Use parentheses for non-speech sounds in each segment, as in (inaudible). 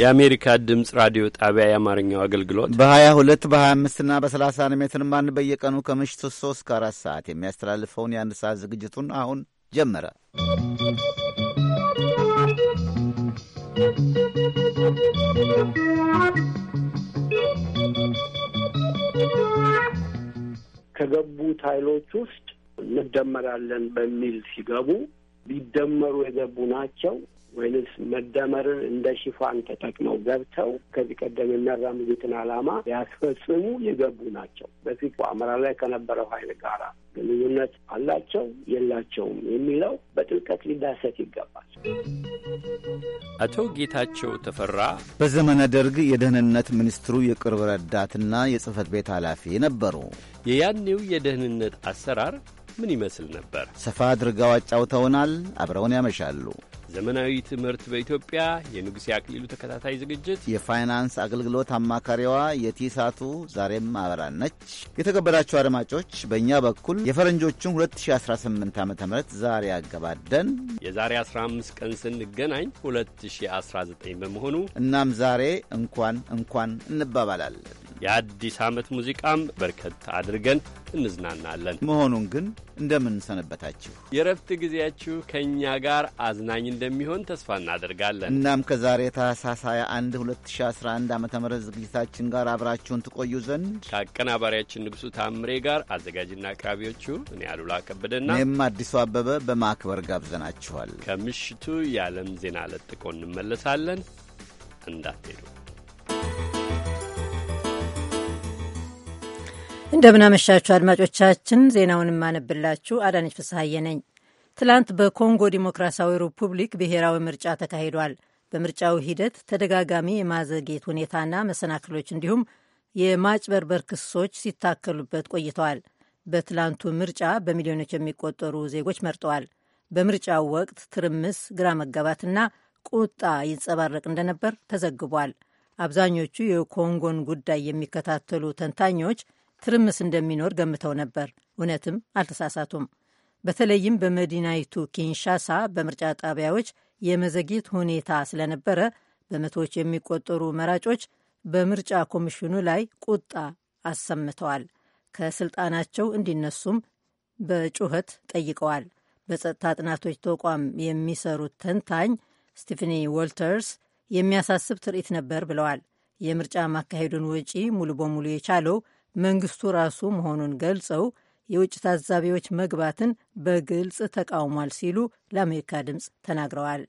የአሜሪካ ድምፅ ራዲዮ ጣቢያ የአማርኛው አገልግሎት በ22 በ25 እና በ30 ሜትር ማን በየቀኑ ከምሽቱ 3 ከ4 ሰዓት የሚያስተላልፈውን የአንድ ሰዓት ዝግጅቱን አሁን ጀመረ። ከገቡት ኃይሎች ውስጥ እንደመራለን በሚል ሲገቡ ሊደመሩ የገቡ ናቸው። ወይንስ መደመርን እንደ ሽፋን ተጠቅመው ገብተው ከዚህ ቀደም የሚያራምዱትን ዓላማ ያስፈጽሙ የገቡ ናቸው። በፊት አመራር ላይ ከነበረው ኃይል ጋራ ግንኙነት አላቸው የላቸውም የሚለው በጥልቀት ሊዳሰት ይገባል። አቶ ጌታቸው ተፈራ በዘመነ ደርግ የደህንነት ሚኒስትሩ የቅርብ ረዳትና የጽህፈት ቤት ኃላፊ ነበሩ። የያኔው የደህንነት አሰራር ምን ይመስል ነበር? ሰፋ አድርገው አጫውተውናል። አብረውን ያመሻሉ። ዘመናዊ ትምህርት በኢትዮጵያ የንጉሴ አክሊሉ ተከታታይ ዝግጅት የፋይናንስ አገልግሎት አማካሪዋ የቲሳቱ ዛሬም አበራን ነች። የተከበራችሁ አድማጮች፣ በእኛ በኩል የፈረንጆቹን 2018 ዓ ም ዛሬ አገባደን የዛሬ 15 ቀን ስንገናኝ 2019 በመሆኑ እናም ዛሬ እንኳን እንኳን እንባባላለን። የአዲስ ዓመት ሙዚቃም በርከት አድርገን እንዝናናለን። መሆኑን ግን ሰነበታችሁ? የረፍት ጊዜያችሁ ከእኛ ጋር አዝናኝ እንደሚሆን ተስፋ እናደርጋለን። እናም ከዛሬ ታህሳስ 21 2011 ዓ ም ዝግጅታችን ጋር አብራችሁን ትቆዩ ዘንድ ከአቀናባሪያችን ንጉሱ ታምሬ ጋር አዘጋጅና አቅራቢዎቹ እኔ አሉላ ከበደና እኔም አዲሱ አበበ በማክበር ጋብዘናችኋል። ከምሽቱ የዓለም ዜና ለጥቆ እንመለሳለን። እንዳትሄዱ። እንደምናመሻችሁ አድማጮቻችን፣ ዜናውን የማነብላችሁ አዳነች ፍስሐዬ ነኝ። ትላንት በኮንጎ ዲሞክራሲያዊ ሪፑብሊክ ብሔራዊ ምርጫ ተካሂዷል። በምርጫው ሂደት ተደጋጋሚ የማዘግየት ሁኔታና መሰናክሎች እንዲሁም የማጭበርበር ክሶች ሲታከሉበት ቆይተዋል። በትላንቱ ምርጫ በሚሊዮኖች የሚቆጠሩ ዜጎች መርጠዋል። በምርጫው ወቅት ትርምስ፣ ግራ መጋባትና ቁጣ ይንጸባረቅ እንደነበር ተዘግቧል። አብዛኞቹ የኮንጎን ጉዳይ የሚከታተሉ ተንታኞች ትርምስ እንደሚኖር ገምተው ነበር። እውነትም አልተሳሳቱም። በተለይም በመዲናይቱ ኪንሻሳ በምርጫ ጣቢያዎች የመዘግየት ሁኔታ ስለነበረ በመቶዎች የሚቆጠሩ መራጮች በምርጫ ኮሚሽኑ ላይ ቁጣ አሰምተዋል። ከስልጣናቸው እንዲነሱም በጩኸት ጠይቀዋል። በጸጥታ ጥናቶች ተቋም የሚሰሩት ተንታኝ ስቲፍኒ ወልተርስ የሚያሳስብ ትርኢት ነበር ብለዋል። የምርጫ ማካሄዱን ወጪ ሙሉ በሙሉ የቻለው መንግስቱ ራሱ መሆኑን ገልጸው የውጭ ታዛቢዎች መግባትን በግልጽ ተቃውሟል ሲሉ ለአሜሪካ ድምፅ ተናግረዋል።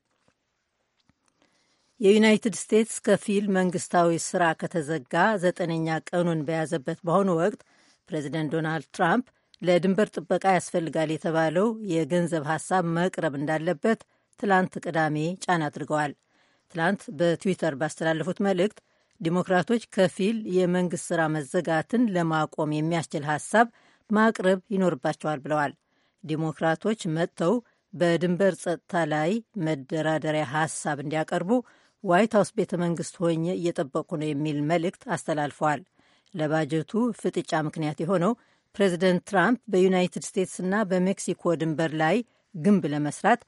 የዩናይትድ ስቴትስ ከፊል መንግስታዊ ስራ ከተዘጋ ዘጠነኛ ቀኑን በያዘበት በአሁኑ ወቅት ፕሬዚደንት ዶናልድ ትራምፕ ለድንበር ጥበቃ ያስፈልጋል የተባለው የገንዘብ ሀሳብ መቅረብ እንዳለበት ትላንት ቅዳሜ ጫና አድርገዋል። ትላንት በትዊተር ባስተላለፉት መልእክት ዲሞክራቶች ከፊል የመንግሥት ሥራ መዘጋትን ለማቆም የሚያስችል ሐሳብ ማቅረብ ይኖርባቸዋል ብለዋል። ዲሞክራቶች መጥተው በድንበር ጸጥታ ላይ መደራደሪያ ሐሳብ እንዲያቀርቡ ዋይት ሀውስ ቤተ መንግሥት ሆኜ እየጠበቁ ነው የሚል መልእክት አስተላልፈዋል። ለባጀቱ ፍጥጫ ምክንያት የሆነው ፕሬዚደንት ትራምፕ በዩናይትድ ስቴትስና በሜክሲኮ ድንበር ላይ ግንብ ለመስራት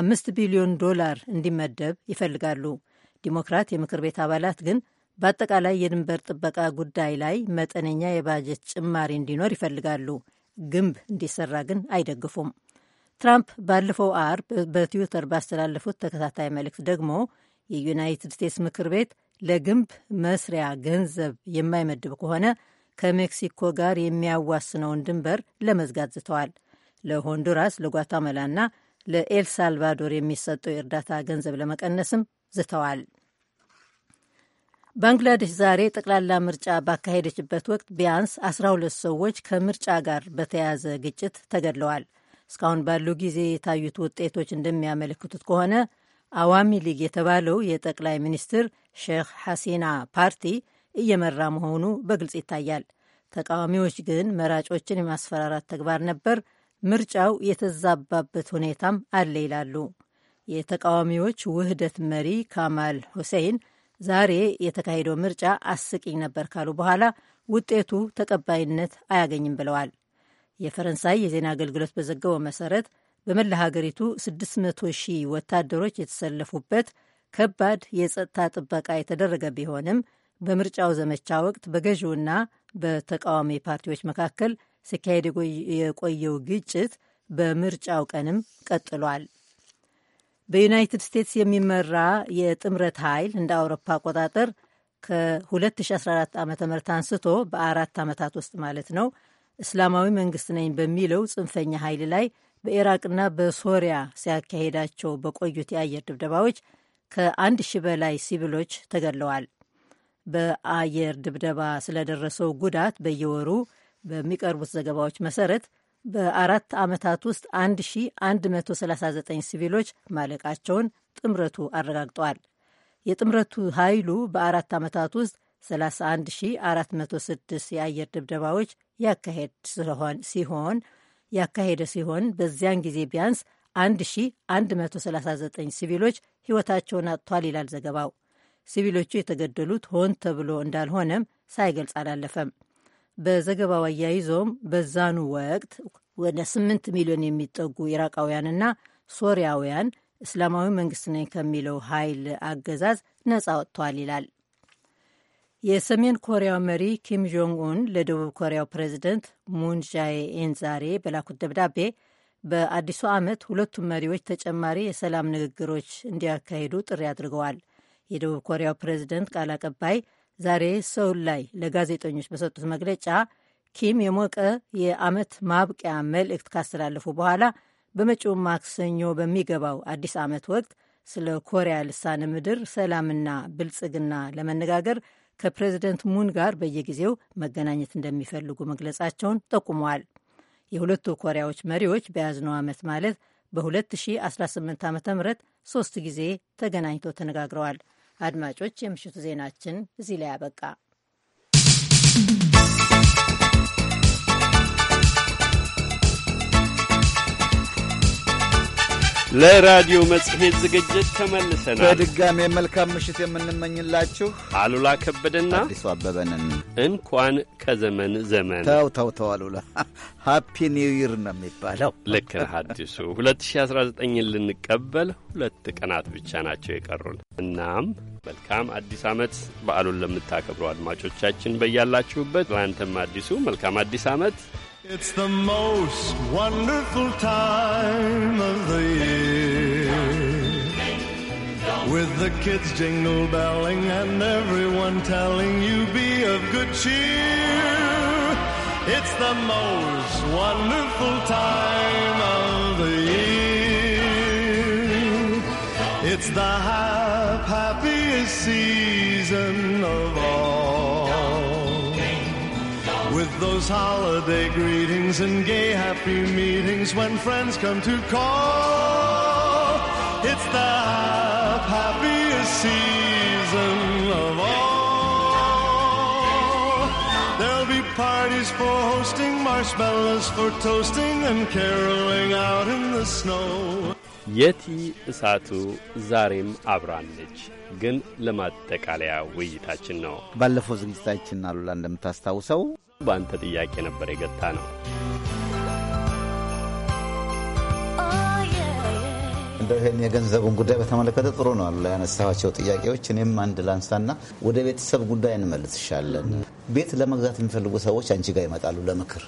አምስት ቢሊዮን ዶላር እንዲመደብ ይፈልጋሉ። ዲሞክራት የምክር ቤት አባላት ግን በአጠቃላይ የድንበር ጥበቃ ጉዳይ ላይ መጠነኛ የባጀት ጭማሪ እንዲኖር ይፈልጋሉ። ግንብ እንዲሰራ ግን አይደግፉም። ትራምፕ ባለፈው አርብ በትዊተር ባስተላለፉት ተከታታይ መልእክት ደግሞ የዩናይትድ ስቴትስ ምክር ቤት ለግንብ መስሪያ ገንዘብ የማይመድብ ከሆነ ከሜክሲኮ ጋር የሚያዋስነውን ድንበር ለመዝጋት ዝተዋል። ለሆንዱራስ፣ ለጓታማላና ለኤልሳልቫዶር የሚሰጠው የእርዳታ ገንዘብ ለመቀነስም ዝተዋል። ባንግላዴሽ ዛሬ ጠቅላላ ምርጫ ባካሄደችበት ወቅት ቢያንስ 12 ሰዎች ከምርጫ ጋር በተያያዘ ግጭት ተገድለዋል። እስካሁን ባለው ጊዜ የታዩት ውጤቶች እንደሚያመለክቱት ከሆነ አዋሚ ሊግ የተባለው የጠቅላይ ሚኒስትር ሼክ ሐሲና ፓርቲ እየመራ መሆኑ በግልጽ ይታያል። ተቃዋሚዎች ግን መራጮችን የማስፈራራት ተግባር ነበር፣ ምርጫው የተዛባበት ሁኔታም አለ ይላሉ። የተቃዋሚዎች ውህደት መሪ ካማል ሁሴይን ዛሬ የተካሄደው ምርጫ አስቂኝ ነበር ካሉ በኋላ ውጤቱ ተቀባይነት አያገኝም ብለዋል። የፈረንሳይ የዜና አገልግሎት በዘገበው መሰረት በመላ ሀገሪቱ 600 ሺህ ወታደሮች የተሰለፉበት ከባድ የጸጥታ ጥበቃ የተደረገ ቢሆንም በምርጫው ዘመቻ ወቅት በገዢውና በተቃዋሚ ፓርቲዎች መካከል ሲካሄድ የቆየው ግጭት በምርጫው ቀንም ቀጥሏል። በዩናይትድ ስቴትስ የሚመራ የጥምረት ኃይል እንደ አውሮፓ አቆጣጠር ከ2014 ዓ ም አንስቶ በአራት ዓመታት ውስጥ ማለት ነው እስላማዊ መንግስት ነኝ በሚለው ጽንፈኛ ኃይል ላይ በኢራቅና በሶሪያ ሲያካሄዳቸው በቆዩት የአየር ድብደባዎች ከአንድ ሺህ በላይ ሲቪሎች ተገድለዋል። በአየር ድብደባ ስለደረሰው ጉዳት በየወሩ በሚቀርቡት ዘገባዎች መሰረት በአራት ዓመታት ውስጥ 1139 ሲቪሎች ማለቃቸውን ጥምረቱ አረጋግጠዋል። የጥምረቱ ኃይሉ በአራት ዓመታት ውስጥ 31406 የአየር ድብደባዎች ያካሄድ ሲሆን ያካሄደ ሲሆን በዚያን ጊዜ ቢያንስ 1139 ሲቪሎች ሕይወታቸውን አጥቷል ይላል ዘገባው። ሲቪሎቹ የተገደሉት ሆን ተብሎ እንዳልሆነም ሳይገልጽ አላለፈም። በዘገባው አያይዞም በዛኑ ወቅት ወደ 8 ሚሊዮን የሚጠጉ ኢራቃውያንና ሶሪያውያን እስላማዊ መንግስት ነኝ ከሚለው ኃይል አገዛዝ ነጻ ወጥቷል ይላል። የሰሜን ኮሪያው መሪ ኪም ጆንግ ኡን ለደቡብ ኮሪያው ፕሬዚደንት ሙን ጃኤኢን ዛሬ በላኩት ደብዳቤ በአዲሱ ዓመት ሁለቱም መሪዎች ተጨማሪ የሰላም ንግግሮች እንዲያካሂዱ ጥሪ አድርገዋል። የደቡብ ኮሪያው ፕሬዚደንት ቃል አቀባይ ዛሬ ሰውል ላይ ለጋዜጠኞች በሰጡት መግለጫ ኪም የሞቀ የአመት ማብቂያ መልእክት ካስተላለፉ በኋላ በመጪው ማክሰኞ በሚገባው አዲስ ዓመት ወቅት ስለ ኮሪያ ልሳነ ምድር ሰላምና ብልጽግና ለመነጋገር ከፕሬዚደንት ሙን ጋር በየጊዜው መገናኘት እንደሚፈልጉ መግለጻቸውን ጠቁመዋል። የሁለቱ ኮሪያዎች መሪዎች በያዝነው ዓመት ማለት በ2018 ዓ ም ሶስት ጊዜ ተገናኝተው ተነጋግረዋል። አድማጮች፣ የምሽቱ ዜናችን እዚህ ላይ አበቃ። ለራዲዮ መጽሔት ዝግጅት ተመልሰናል። በድጋሜ መልካም ምሽት የምንመኝላችሁ አሉላ ከበደና አዲሱ አበበንን። እንኳን ከዘመን ዘመን ተው ተው ተው አሉላ፣ ሃፒ ኒው ይር ነው የሚባለው። ልክ ነህ አዲሱ። 2019ን ልንቀበል ሁለት ቀናት ብቻ ናቸው የቀሩን። እናም መልካም አዲስ ዓመት በዓሉን ለምታከብሩ አድማጮቻችን በያላችሁበት፣ ለአንተም አዲሱ መልካም አዲስ ዓመት It's the most wonderful time of the year. With the kids jingle belling and everyone telling you be of good cheer. It's the most wonderful time of the year. It's the happiest season of all. With those holiday greetings and gay happy meetings when friends come to call, it's the happiest season of all. There'll be parties for hosting, marshmallows for toasting, and caroling out in the snow. የቲ እሳቱ ዛሬም አብራለች። ግን ለማጠቃለያ ውይይታችን ነው። ባለፈው ዝግጅታችን አሉላ እንደምታስታውሰው በአንተ ጥያቄ ነበር የገታ ነው። እንደው ይህን የገንዘቡን ጉዳይ በተመለከተ ጥሩ ነው አሉ ያነሳኋቸው ጥያቄዎች። እኔም አንድ ላንሳና ወደ ቤተሰብ ጉዳይ እንመልስሻለን። ቤት ለመግዛት የሚፈልጉ ሰዎች አንቺ ጋር ይመጣሉ ለምክር።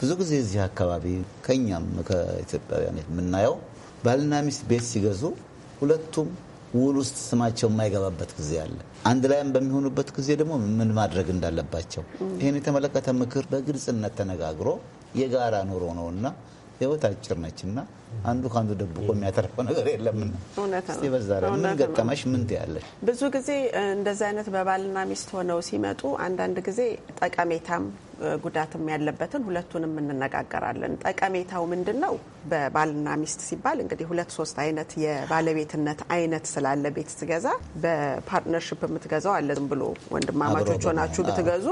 ብዙ ጊዜ እዚህ አካባቢ ከኛም ከኢትዮጵያውያን የምናየው ባልና ሚስት ቤት ሲገዙ ሁለቱም ውል ውስጥ ስማቸው የማይገባበት ጊዜ አለ። አንድ ላይም በሚሆኑበት ጊዜ ደግሞ ምን ማድረግ እንዳለባቸው ይህን የተመለከተ ምክር በግልጽነት ተነጋግሮ የጋራ ኑሮ ነውና ህይወት አጭር ነችና አንዱ ከአንዱ ደብቆ የሚያተርፈው ነገር የለምና እስቲ በዛ ላይ ምን ገጠመሽ? ምን ትያለሽ? ብዙ ጊዜ እንደዚህ አይነት በባልና ሚስት ሆነው ሲመጡ አንዳንድ ጊዜ ጠቀሜታም ጉዳትም ያለበትን ሁለቱንም እንነጋገራለን። ጠቀሜታው ምንድን ነው? በባልና ሚስት ሲባል እንግዲህ ሁለት ሶስት አይነት የባለቤትነት አይነት ስላለ ቤት ስገዛ በፓርትነርሽፕ የምትገዛው አለ። ዝም ብሎ ወንድማማቾች ሆናችሁ ብትገዙ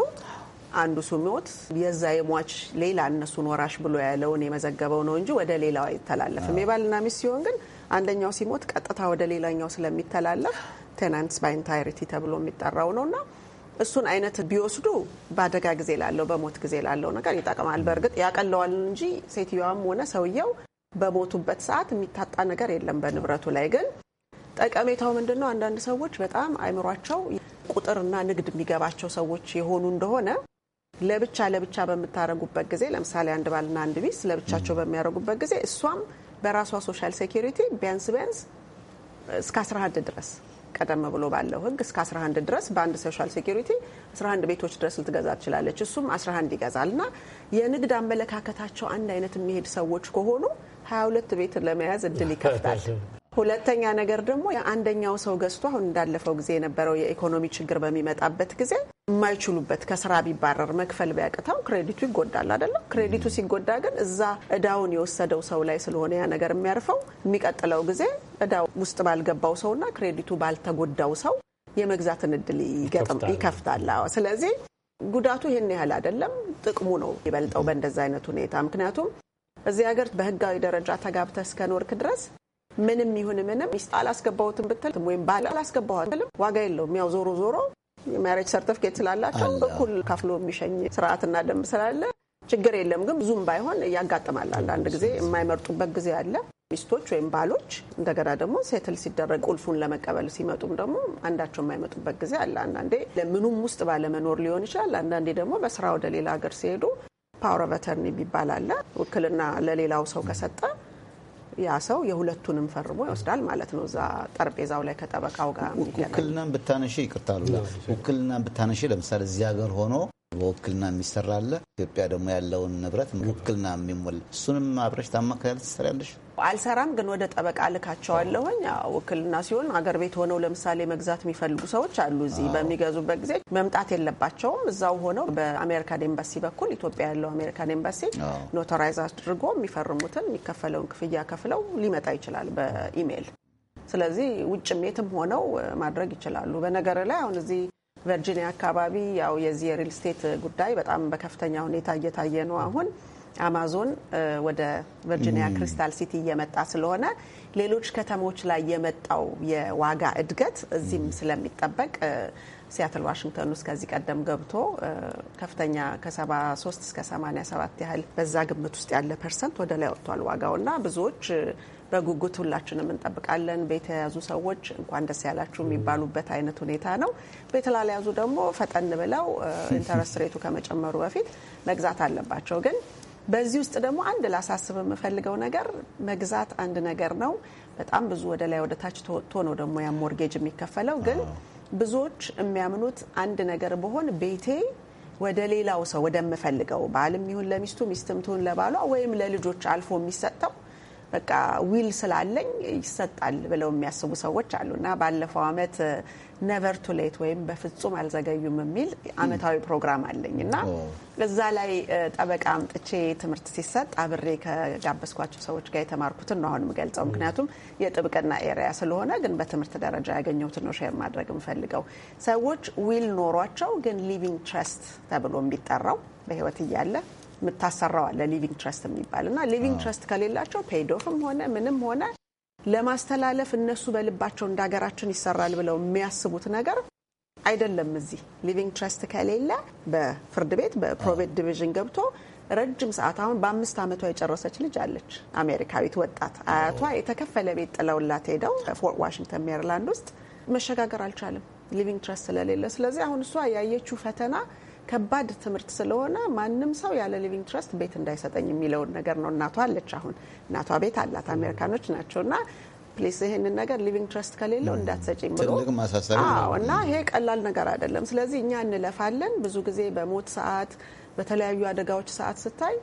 አንዱ ሲሞት የዛ የሟች ሌላ እነሱን ወራሽ ብሎ ያለውን የመዘገበው ነው እንጂ ወደ ሌላው አይተላለፍም። የባልና ሚስት ሲሆን ግን አንደኛው ሲሞት ቀጥታ ወደ ሌላኛው ስለሚተላለፍ ቴናንትስ ባይንታይሪቲ ተብሎ የሚጠራው ነውና እሱን አይነት ቢወስዱ በአደጋ ጊዜ ላለው በሞት ጊዜ ላለው ነገር ይጠቅማል። በእርግጥ ያቀለዋል እንጂ ሴትዮዋም ሆነ ሰውየው በሞቱበት ሰዓት የሚታጣ ነገር የለም። በንብረቱ ላይ ግን ጠቀሜታው ምንድን ነው? አንዳንድ ሰዎች በጣም አይምሯቸው ቁጥርና ንግድ የሚገባቸው ሰዎች የሆኑ እንደሆነ ለብቻ ለብቻ በምታረጉበት ጊዜ ለምሳሌ አንድ ባልና አንድ ሚስት ለብቻቸው በሚያደርጉበት ጊዜ እሷም በራሷ ሶሻል ሴኪሪቲ ቢያንስ ቢያንስ እስከ 11 ድረስ ቀደም ብሎ ባለው ሕግ እስከ 11 ድረስ በአንድ ሶሻል ሴኪሪቲ 11 ቤቶች ድረስ ልትገዛ ትችላለች። እሱም 11 ይገዛል እና የንግድ አመለካከታቸው አንድ አይነት የሚሄድ ሰዎች ከሆኑ 22 ቤት ለመያዝ እድል ይከፍታል። (laughs) ሁለተኛ ነገር ደግሞ አንደኛው ሰው ገዝቶ አሁን እንዳለፈው ጊዜ የነበረው የኢኮኖሚ ችግር በሚመጣበት ጊዜ የማይችሉበት ከስራ ቢባረር መክፈል ቢያቅተው ክሬዲቱ ይጎዳል አይደለም። ክሬዲቱ ሲጎዳ ግን እዛ እዳውን የወሰደው ሰው ላይ ስለሆነ ያ ነገር የሚያርፈው የሚቀጥለው ጊዜ እዳው ውስጥ ባልገባው ሰውና ክሬዲቱ ባልተጎዳው ሰው የመግዛትን እድል ይከፍታል። ስለዚህ ጉዳቱ ይህን ያህል አይደለም፣ ጥቅሙ ነው ይበልጠው በእንደዚ አይነት ሁኔታ ምክንያቱም እዚህ ሀገር በህጋዊ ደረጃ ተጋብተ እስከኖርክ ድረስ ምንም ይሁን ምንም ሚስት አላስገባሁትም ብትል ወይም ባል አላስገባሁትም ዋጋ የለውም። ያው ዞሮ ዞሮ የማሬጅ ሰርተፍኬት ስላላቸው እኩል ከፍሎ የሚሸኝ ስርዓትና ደንብ ስላለ ችግር የለም። ግን ብዙም ባይሆን ያጋጥማል። አንዳንድ ጊዜ የማይመርጡበት ጊዜ አለ ሚስቶች ወይም ባሎች። እንደገና ደግሞ ሴትል ሲደረግ ቁልፉን ለመቀበል ሲመጡም ደግሞ አንዳቸው የማይመጡበት ጊዜ አለ። አንዳንዴ ለምኑም ውስጥ ባለመኖር ሊሆን ይችላል። አንዳንዴ ደግሞ በስራ ወደ ሌላ ሀገር ሲሄዱ ፓወር ኦፍ አተርኒ የሚባል አለ። ውክልና ለሌላው ሰው ከሰጠ ያ ሰው የሁለቱንም ፈርሞ ይወስዳል ማለት ነው። እዛ ጠረጴዛው ላይ ከጠበቃው ጋር ውክልናን ብታነሺ ይቅርታሉ ውክልናን ብታነሺ ለምሳሌ እዚህ ሀገር ሆኖ በውክልና የሚሰራ አለ። ኢትዮጵያ ደግሞ ያለውን ንብረት ውክልና የሚሞል እሱንም አብረሽ ታማክሪያለሽ፣ ትሰሪያለሽ። አልሰራም ግን ወደ ጠበቃ ልካቸዋለሁኝ። ውክልና ሲሆን አገር ቤት ሆነው ለምሳሌ መግዛት የሚፈልጉ ሰዎች አሉ። እዚህ በሚገዙበት ጊዜ መምጣት የለባቸውም። እዛው ሆነው በአሜሪካን ኤምባሲ በኩል ኢትዮጵያ ያለው አሜሪካን ኤምባሲ ኖተራይዝ አድርጎ የሚፈርሙትን የሚከፈለውን ክፍያ ከፍለው ሊመጣ ይችላል በኢሜይል። ስለዚህ ውጭም የትም ሆነው ማድረግ ይችላሉ። በነገር ላይ አሁን እዚህ ቨርጂኒያ አካባቢ ያው የዚህ የሪል ስቴት ጉዳይ በጣም በከፍተኛ ሁኔታ እየታየ ነው። አሁን አማዞን ወደ ቨርጂኒያ ክሪስታል ሲቲ እየመጣ ስለሆነ ሌሎች ከተሞች ላይ የመጣው የዋጋ እድገት እዚህም ስለሚጠበቅ ሲያትል ዋሽንግተን ውስጥ ከዚህ ቀደም ገብቶ ከፍተኛ ከ73 እስከ 87 ያህል በዛ ግምት ውስጥ ያለ ፐርሰንት ወደ ላይ ወጥቷል ዋጋው እና ብዙዎች በጉጉት ሁላችንም እንጠብቃለን። ቤት ሰዎች እንኳን ደስ ያላችሁ የሚባሉበት አይነት ሁኔታ ነው። ቤት ደግሞ ፈጠን ብለው ኢንተረስት ሬቱ ከመጨመሩ በፊት መግዛት አለባቸው። ግን በዚህ ውስጥ ደግሞ አንድ ላሳስብ የምፈልገው ነገር መግዛት አንድ ነገር ነው። በጣም ብዙ ወደ ላይ ወደ ታች ተወጥቶ ነው ደግሞ ያ ሞርጌጅ የሚከፈለው። ግን ብዙዎች የሚያምኑት አንድ ነገር በሆን ቤቴ ወደ ሌላው ሰው ወደምፈልገው ባልም ይሁን ለሚስቱ ሚስትም ትሁን ለባሏ ወይም ለልጆች አልፎ የሚሰጠው በቃ ዊል ስላለኝ ይሰጣል ብለው የሚያስቡ ሰዎች አሉ እና ባለፈው አመት ነቨር ቱሌት ወይም በፍጹም አልዘገዩም የሚል አመታዊ ፕሮግራም አለኝ እና እዛ ላይ ጠበቃ አምጥቼ ትምህርት ሲሰጥ አብሬ ከጋበዝኳቸው ሰዎች ጋር የተማርኩትን ነው አሁን የምገልጸው። ምክንያቱም የጥብቅና ኤሪያ ስለሆነ፣ ግን በትምህርት ደረጃ ያገኘሁትን ነው ሼር ማድረግ የምፈልገው። ሰዎች ዊል ኖሯቸው ግን ሊቪንግ ትረስት ተብሎ የሚጠራው በህይወት እያለ አለ ሊቪንግ ትረስት የሚባል እና ሊቪንግ ትረስት ከሌላቸው ፔይዶፍም ሆነ ምንም ሆነ ለማስተላለፍ እነሱ በልባቸው እንደ ሀገራችን ይሰራል ብለው የሚያስቡት ነገር አይደለም። እዚህ ሊቪንግ ትረስት ከሌለ በፍርድ ቤት በፕሮቬት ዲቪዥን ገብቶ ረጅም ሰዓት አሁን በአምስት ዓመቷ የጨረሰች ልጅ አለች፣ አሜሪካዊት ወጣት። አያቷ የተከፈለ ቤት ጥለውላት ሄደው ፎርት ዋሽንግተን ሜሪላንድ ውስጥ መሸጋገር አልቻለም ሊቪንግ ትረስት ስለሌለ። ስለዚህ አሁን እሷ ያየችው ፈተና ከባድ ትምህርት ስለሆነ ማንም ሰው ያለ ሊቪንግ ትረስት ቤት እንዳይሰጠኝ የሚለውን ነገር ነው። እናቷ አለች። አሁን እናቷ ቤት አላት፣ አሜሪካኖች ናቸውና ፕሊስ ይህንን ነገር ሊቪንግ ትረስት ከሌለው እንዳትሰጪም ብሎ እና ይሄ ቀላል ነገር አይደለም። ስለዚህ እኛ እንለፋለን። ብዙ ጊዜ በሞት ሰዓት፣ በተለያዩ አደጋዎች ሰዓት ስታይ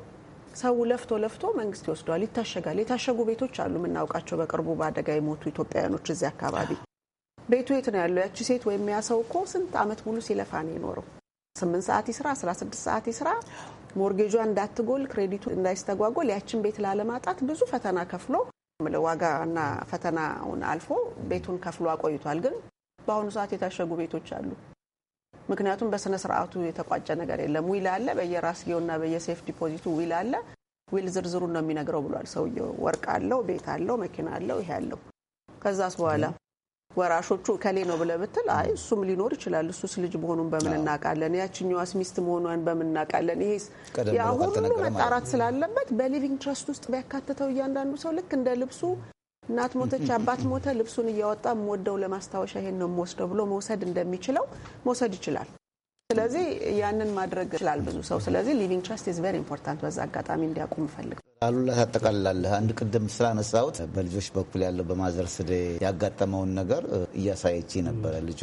ሰው ለፍቶ ለፍቶ መንግስት ይወስደዋል፣ ይታሸጋል። የታሸጉ ቤቶች አሉ የምናውቃቸው። በቅርቡ በአደጋ የሞቱ ኢትዮጵያውያኖች እዚህ አካባቢ ቤቱ የት ነው ያለው? ያቺ ሴት ወይም ያ ሰው እኮ ስንት አመት ሙሉ ሲለፋ ነው የኖረው። ስምንት ሰዓት ይስራ አስራ ስድስት ሰዓት ይስራ ሞርጌጇ እንዳትጎል ክሬዲቱ እንዳይስተጓጎል ያችን ቤት ላለማጣት ብዙ ፈተና ከፍሎ ዋጋና ፈተናውን አልፎ ቤቱን ከፍሎ አቆይቷል። ግን በአሁኑ ሰዓት የታሸጉ ቤቶች አሉ። ምክንያቱም በስነ ስርዓቱ የተቋጨ ነገር የለም። ዊል አለ፣ በየራስጌውና በየሴፍ ዲፖዚቱ ዊል አለ። ዊል ዝርዝሩን ነው የሚነግረው ብሏል ሰውየው። ወርቅ አለው፣ ቤት አለው፣ መኪና አለው፣ ይሄ አለው። ከዛስ በኋላ ወራሾቹ ከሌ ነው ብለህ ብትል አይ እሱም ሊኖር ይችላል። እሱስ ልጅ መሆኑን በምን እናውቃለን? ያችኛዋስ ሚስት መሆኗን በምን እናውቃለን? ይሄ ያ ሁሉ መጣራት ስላለበት በሊቪንግ ትረስት ውስጥ ቢያካትተው እያንዳንዱ ሰው ልክ እንደ ልብሱ እናት ሞተች፣ አባት ሞተ፣ ልብሱን እያወጣ ወደው ለማስታወሻ ይሄን ነው የምወስደው ብሎ መውሰድ እንደሚችለው መውሰድ ይችላል። ስለዚህ ያንን ማድረግ ይችላል ብዙ ሰው። ስለዚህ ሊቪንግ ትረስት ኢዝ ቨሪ ኢምፖርታንት በዛ አጋጣሚ እንዲያውቁም ፈልግ አሉላ ታጠቃልላለህ። አንድ ቅድም ስላነሳሁት በልጆች በኩል ያለው በማዘርስ ዴይ ያጋጠመውን ነገር እያሳየች ነበረ ልጇ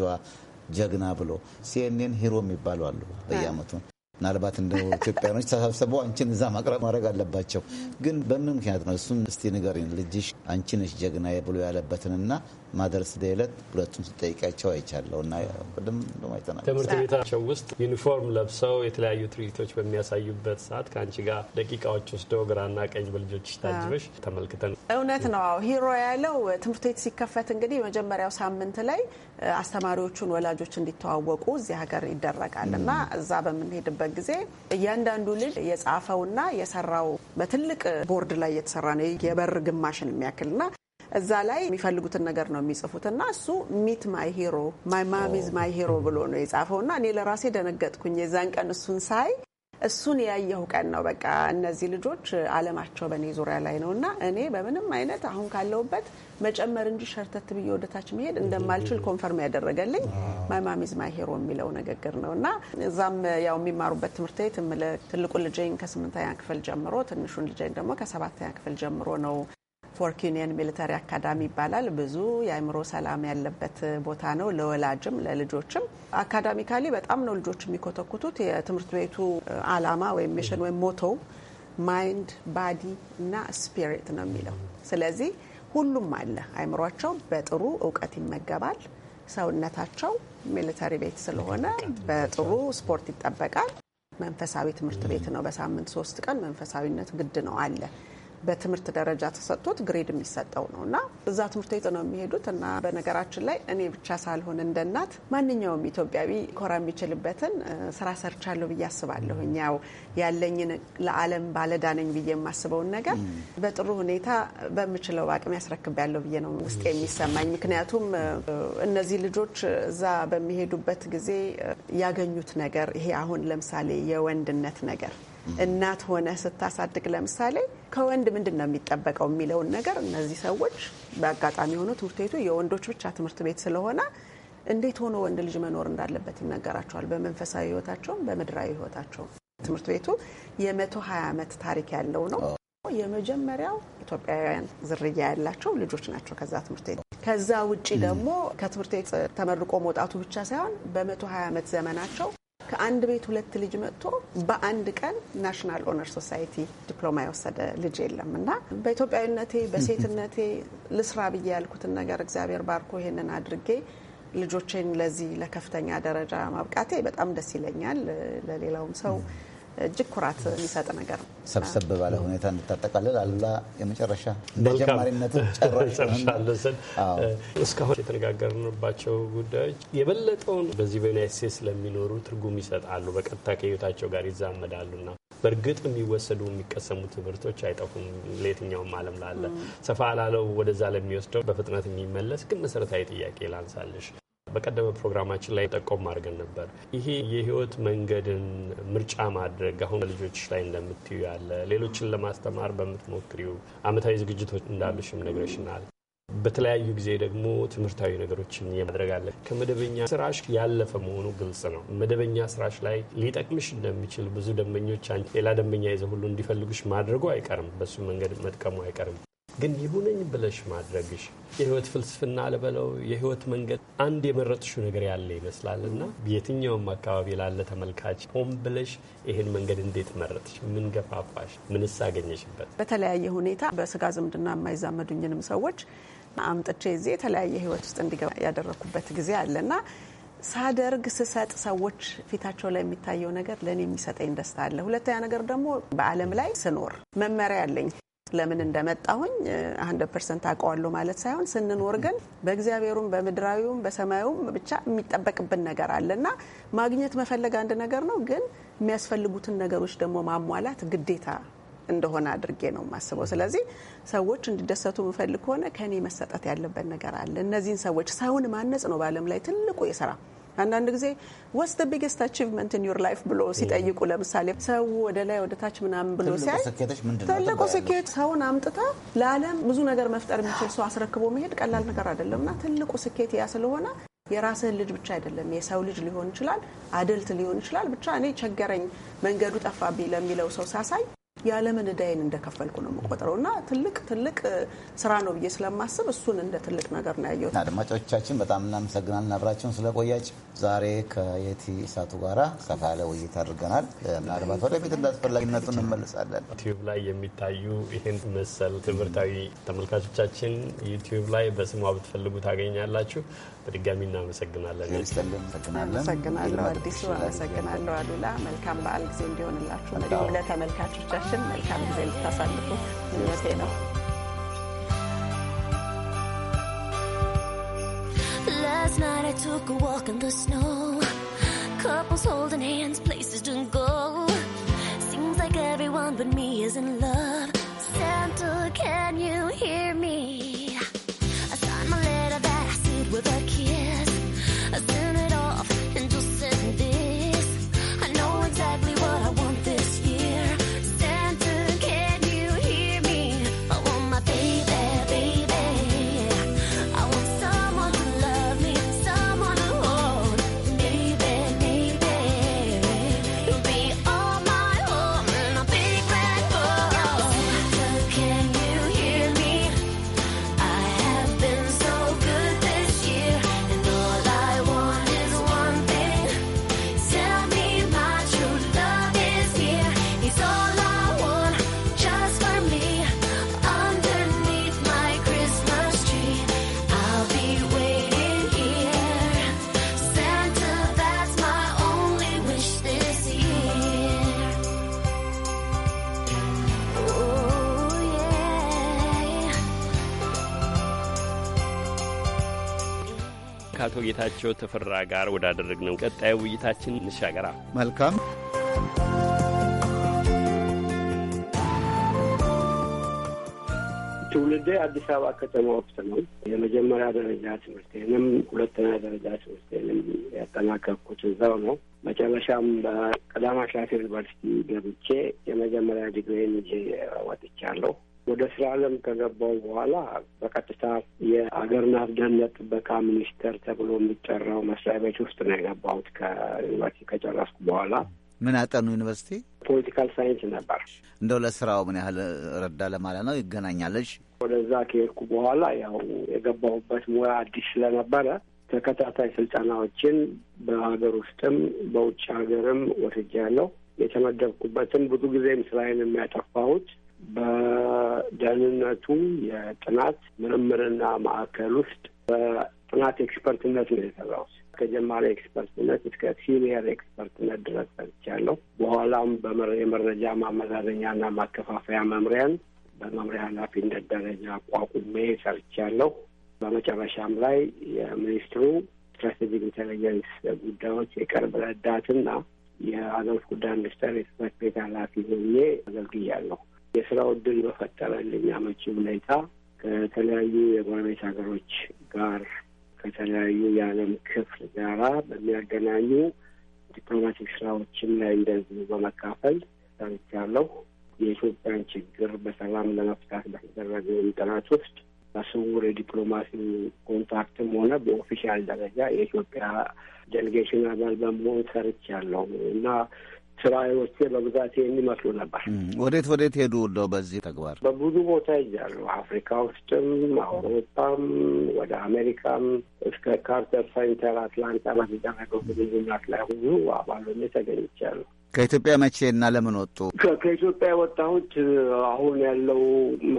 ጀግና ብሎ ሲኤንኤን ሂሮ የሚባሉ አሉ በየአመቱ ምናልባት እንደ ኢትዮጵያኖች ተሰብስበው አንቺን እዛ ማቅረብ ማድረግ አለባቸው። ግን በምን ምክንያት ነው እሱን እስቲ ንገሪን። ልጅሽ አንቺ ነሽ ጀግና ብሎ ያለበትንና ማደርስ ደለት ሁለቱም ስጠይቃቸው አይቻለሁ እና ቅድም አይተናል። ትምህርት ቤታቸው ውስጥ ዩኒፎርም ለብሰው የተለያዩ ትርኢቶች በሚያሳዩበት ሰዓት ከአንቺ ጋር ደቂቃዎች ወስደው ግራና ቀኝ በልጆች ታጅበሽ ተመልክተን እውነት ነው ሂሮ ያለው ትምህርት ቤት ሲከፈት እንግዲህ የመጀመሪያው ሳምንት ላይ አስተማሪዎቹን ወላጆች እንዲተዋወቁ እዚህ ሀገር ይደረጋል እና እዛ በምንሄድበት ጊዜ እያንዳንዱ ልጅ የጻፈውና የሰራው በትልቅ ቦርድ ላይ የተሰራ ነው የበር ግማሽን የሚያክል የሚያክልና እዛ ላይ የሚፈልጉትን ነገር ነው የሚጽፉት እና እሱ ሚት ማይ ሂሮ ማይ ማሚዝ ማይ ሂሮ ብሎ ነው የጻፈው እና እኔ ለራሴ ደነገጥኩኝ የዛን ቀን እሱን ሳይ እሱን ያየሁ ቀን ነው በቃ እነዚህ ልጆች አለማቸው በእኔ ዙሪያ ላይ ነው እና እኔ በምንም አይነት አሁን ካለሁበት መጨመር እንጂ ሸርተት ብዬ ወደታች መሄድ እንደማልችል ኮንፈርም ያደረገልኝ ማይ ማሚዝ ማይ ሄሮ የሚለው ንግግር ነው እና እዛም ያው የሚማሩበት ትምህርት ቤት ትልቁን ልጄን ከስምንተኛ ክፍል ጀምሮ ትንሹን ልጄን ደግሞ ከሰባተኛ ክፍል ጀምሮ ነው ፎርክ ዩኒየን ሚሊተሪ አካዳሚ ይባላል። ብዙ የአእምሮ ሰላም ያለበት ቦታ ነው፣ ለወላጅም ለልጆችም። አካዳሚካሊ በጣም ነው ልጆች የሚኮተኩቱት። የትምህርት ቤቱ አላማ ወይም ሚሽን ወይም ሞቶው ማይንድ ባዲ እና ስፒሪት ነው የሚለው። ስለዚህ ሁሉም አለ። አእምሯቸው በጥሩ እውቀት ይመገባል። ሰውነታቸው ሚሊተሪ ቤት ስለሆነ በጥሩ ስፖርት ይጠበቃል። መንፈሳዊ ትምህርት ቤት ነው። በሳምንት ሶስት ቀን መንፈሳዊነት ግድ ነው አለ በትምህርት ደረጃ ተሰጥቶት ግሬድ የሚሰጠው ነው እና እዛ ትምህርት ቤት ነው የሚሄዱት እና በነገራችን ላይ እኔ ብቻ ሳልሆን እንደ እናት ማንኛውም ኢትዮጵያዊ ኮራ የሚችልበትን ስራ ሰርቻለሁ ብዬ አስባለሁኝ። ያው ያለኝን ለዓለም ባለዕዳ ነኝ ብዬ የማስበውን ነገር በጥሩ ሁኔታ በምችለው አቅም ያስረክቤያለሁ ብዬ ነው ውስጥ የሚሰማኝ። ምክንያቱም እነዚህ ልጆች እዛ በሚሄዱበት ጊዜ ያገኙት ነገር ይሄ አሁን ለምሳሌ የወንድነት ነገር እናት ሆነ ስታሳድግ ለምሳሌ ከወንድ ምንድን ነው የሚጠበቀው የሚለውን ነገር እነዚህ ሰዎች በአጋጣሚ የሆኑ ትምህርት ቤቱ የወንዶች ብቻ ትምህርት ቤት ስለሆነ እንዴት ሆኖ ወንድ ልጅ መኖር እንዳለበት ይነገራቸዋል። በመንፈሳዊ ህይወታቸውም በምድራዊ ህይወታቸውም ትምህርት ቤቱ የመቶ ሀያ ዓመት ታሪክ ያለው ነው። የመጀመሪያው ኢትዮጵያውያን ዝርያ ያላቸው ልጆች ናቸው ከዛ ትምህርት ቤት። ከዛ ውጭ ደግሞ ከትምህርት ቤት ተመርቆ መውጣቱ ብቻ ሳይሆን በመቶ ሀያ ዓመት ዘመናቸው ከአንድ ቤት ሁለት ልጅ መጥቶ በአንድ ቀን ናሽናል ኦነር ሶሳይቲ ዲፕሎማ የወሰደ ልጅ የለም እና በኢትዮጵያዊነቴ በሴትነቴ ልስራ ብዬ ያልኩትን ነገር እግዚአብሔር ባርኮ ይሄንን አድርጌ ልጆቼን ለዚህ ለከፍተኛ ደረጃ ማብቃቴ በጣም ደስ ይለኛል። ለሌላውም ሰው እጅግ ኩራት የሚሰጥ ነገር ነው። ሰብሰብ ባለ ሁኔታ እንድታጠቃልል አሉላ የመጨረሻ ጀማሪነት ጨረሻለስን እስካሁን የተነጋገርንባቸው ጉዳዮች የበለጠውን በዚህ በዩናይት ስቴትስ ለሚኖሩ ትርጉም ይሰጣሉ፣ በቀጥታ ከህይወታቸው ጋር ይዛመዳሉና በእርግጥ የሚወሰዱ የሚቀሰሙ ትምህርቶች አይጠፉም። ለየትኛውም ዓለም ላለ ሰፋ ላለው ወደዛ ለሚወስደው በፍጥነት የሚመለስ ግን መሰረታዊ ጥያቄ ላንሳልሽ በቀደመ ፕሮግራማችን ላይ ጠቆም አድርገን ነበር። ይሄ የህይወት መንገድን ምርጫ ማድረግ አሁን ልጆች ላይ እንደምትዩ ያለ ሌሎችን ለማስተማር በምትሞክሪው አመታዊ ዝግጅቶች እንዳሉሽም ነግረሽናል። በተለያዩ ጊዜ ደግሞ ትምህርታዊ ነገሮችን የማድረግ ከመደበኛ ስራሽ ያለፈ መሆኑ ግልጽ ነው። መደበኛ ስራሽ ላይ ሊጠቅምሽ እንደሚችል ብዙ ደንበኞች ሌላ ደንበኛ ይዘ ሁሉ እንዲፈልጉሽ ማድረጉ አይቀርም። በሱ መንገድ መጥቀሙ አይቀርም። ግን ይሁነኝ ብለሽ ማድረግሽ የህይወት ፍልስፍና ለበለው የህይወት መንገድ አንድ የመረጥሹ ነገር ያለ ይመስላል እና የትኛውም አካባቢ ላለ ተመልካች ሆን ብለሽ ይህን መንገድ እንዴት መረጥሽ? ምን ገፋፋሽ? ምንስ አገኘሽበት? በተለያየ ሁኔታ በስጋ ዝምድና የማይዛመዱኝንም ሰዎች አምጥቼ እዚህ የተለያየ ህይወት ውስጥ እንዲገባ ያደረግኩበት ጊዜ አለና ሳደርግ ስሰጥ ሰዎች ፊታቸው ላይ የሚታየው ነገር ለእኔ የሚሰጠኝ ደስታ አለ። ሁለተኛ ነገር ደግሞ በዓለም ላይ ስኖር መመሪያ አለኝ። ለምን እንደመጣሁኝ ሀንድረድ ፐርሰንት አውቀዋለሁ ማለት ሳይሆን ስንኖር ግን በእግዚአብሔሩም በምድራዊውም በሰማዩም ብቻ የሚጠበቅብን ነገር አለ እና ማግኘት መፈለግ አንድ ነገር ነው፣ ግን የሚያስፈልጉትን ነገሮች ደግሞ ማሟላት ግዴታ እንደሆነ አድርጌ ነው የማስበው። ስለዚህ ሰዎች እንዲደሰቱ የምፈልግ ከሆነ ከኔ መሰጠት ያለበት ነገር አለ። እነዚህን ሰዎች ሰውን ማነጽ ነው በዓለም ላይ ትልቁ የስራ አንዳንድ ጊዜ ወስ ቢግስት አቺቭመንት ኢን ዩር ላይፍ ብሎ ሲጠይቁ ለምሳሌ ሰው ወደ ላይ ወደ ታች ምናምን ብሎ ሲያይ ትልቁ ስኬት ሰውን አምጥታ ለዓለም ብዙ ነገር መፍጠር የሚችል ሰው አስረክቦ መሄድ ቀላል ነገር አይደለም እና ትልቁ ስኬት ያ ስለሆነ የራስህን ልጅ ብቻ አይደለም የሰው ልጅ ሊሆን ይችላል፣ አድልት ሊሆን ይችላል። ብቻ እኔ ቸገረኝ መንገዱ ጠፋብኝ ለሚለው ሰው ሳሳይ ያለምን እዳይን እንደከፈልኩ ነው የምቆጥረው እና ትልቅ ትልቅ ስራ ነው ብዬ ስለማስብ እሱን እንደ ትልቅ ነገር ነው ያየሁት። አድማጮቻችን በጣም እናመሰግናለን አብራችሁን ስለቆያች። ዛሬ ከየቲ እሳቱ ጋራ ሰፋ ያለ ውይይት አድርገናል። ምናልባት ወደፊት እንዳስፈላጊነቱ እንመልሳለን። ዩቲዩብ ላይ የሚታዩ ይህን መሰል ትምህርታዊ ተመልካቾቻችን ዩቲዩብ ላይ በስሟ ብትፈልጉ ታገኛላችሁ። በድጋሚ እናመሰግናለን። አመሰግናለሁ አዲሱ፣ አመሰግናለሁ አሉላ። መልካም በዓል ጊዜ እንዲሆንላችሁ እንዲሁም ለተመልካቾቻችን መልካም ጊዜ ምኞቴ ነው። Last night I took a walk in the snow. Couples holding hands, places to go. Seems like everyone but me is in love. Santa, can you hear me? I signed my letter that I sealed with a key. I send it ከአቶ ጌታቸው ተፈራ ጋር ወዳደረግነው ቀጣዩ ውይይታችን እንሻገራ። መልካም ትውልዴ አዲስ አበባ ከተማ ውስጥ ነው። የመጀመሪያ ደረጃ ትምህርቴንም ሁለተኛ ደረጃ ትምህርቴንም ያጠናቀቅኩት እዛው ነው። መጨረሻም በቀዳማዊ ሻፌ ዩኒቨርሲቲ ገብቼ የመጀመሪያ ዲግሪን ይዤ ወጥቻለሁ። ወደ ስራ አለም ከገባው በኋላ በቀጥታ የአገር ደህንነት ጥበቃ ሚኒስቴር ተብሎ የሚጠራው መስሪያ ቤት ውስጥ ነው የገባሁት። ከዩኒቨርሲቲ ከጨረስኩ በኋላ ምን አጠኑ? ዩኒቨርሲቲ ፖለቲካል ሳይንስ ነበር። እንደው ለስራው ምን ያህል ረዳ ለማለት ነው። ይገናኛለች። ወደዛ ከሄድኩ በኋላ ያው የገባሁበት ሙያ አዲስ ስለነበረ ተከታታይ ስልጠናዎችን በሀገር ውስጥም በውጭ ሀገርም ወስጃለሁ። የተመደብኩበትም ብዙ ጊዜም ስራዬን የሚያጠፋሁት በደህንነቱ የጥናት ምርምርና ማዕከል ውስጥ በጥናት ኤክስፐርትነት ነው የሰራሁት። ከጀማሪ ኤክስፐርትነት እስከ ሲኒየር ኤክስፐርትነት ድረስ ሰርቻለሁ። በኋላም የመረጃ ማመዛዘኛና ማከፋፈያ መምሪያን በመምሪያ ኃላፊነት ደረጃ አቋቁሜ ሰርቻለሁ። በመጨረሻም ላይ የሚኒስትሩ ስትራቴጂክ ኢንቴሊጀንስ ጉዳዮች የቅርብ ረዳትና የአገር ውስጥ ጉዳይ ሚኒስቴር የጽህፈት ቤት ኃላፊ ሆኜ አገልግያለሁ። የስራው እድል በፈጠረልኝ አመቺ ሁኔታ ከተለያዩ የጎረቤት ሀገሮች ጋር ከተለያዩ የዓለም ክፍል ጋራ በሚያገናኙ ዲፕሎማቲክ ስራዎችን ላይ እንደዚሁ በመካፈል ሰርቻለሁ። የኢትዮጵያን ችግር በሰላም ለመፍታት በተደረገው ጥረት ውስጥ በስውር የዲፕሎማሲ ኮንታክትም ሆነ በኦፊሻል ደረጃ የኢትዮጵያ ዴሌጌሽን አባል በመሆን ሰርቻለሁ እና ስራዎቼ በብዛት ይህን ይመስሉ ነበር። ወዴት ወዴት ሄዱ? እንደው በዚህ ተግባር በብዙ ቦታ ይጃሉ። አፍሪካ ውስጥም፣ አውሮፓም፣ ወደ አሜሪካም እስከ ካርተር ሳይንተር አትላንታ በተደረገው ግንኙነት ላይ ሁሉ አባሎኔ ተገኝቻለሁ። ከኢትዮጵያ መቼና ለምን ወጡ? ከኢትዮጵያ የወጣሁት አሁን ያለው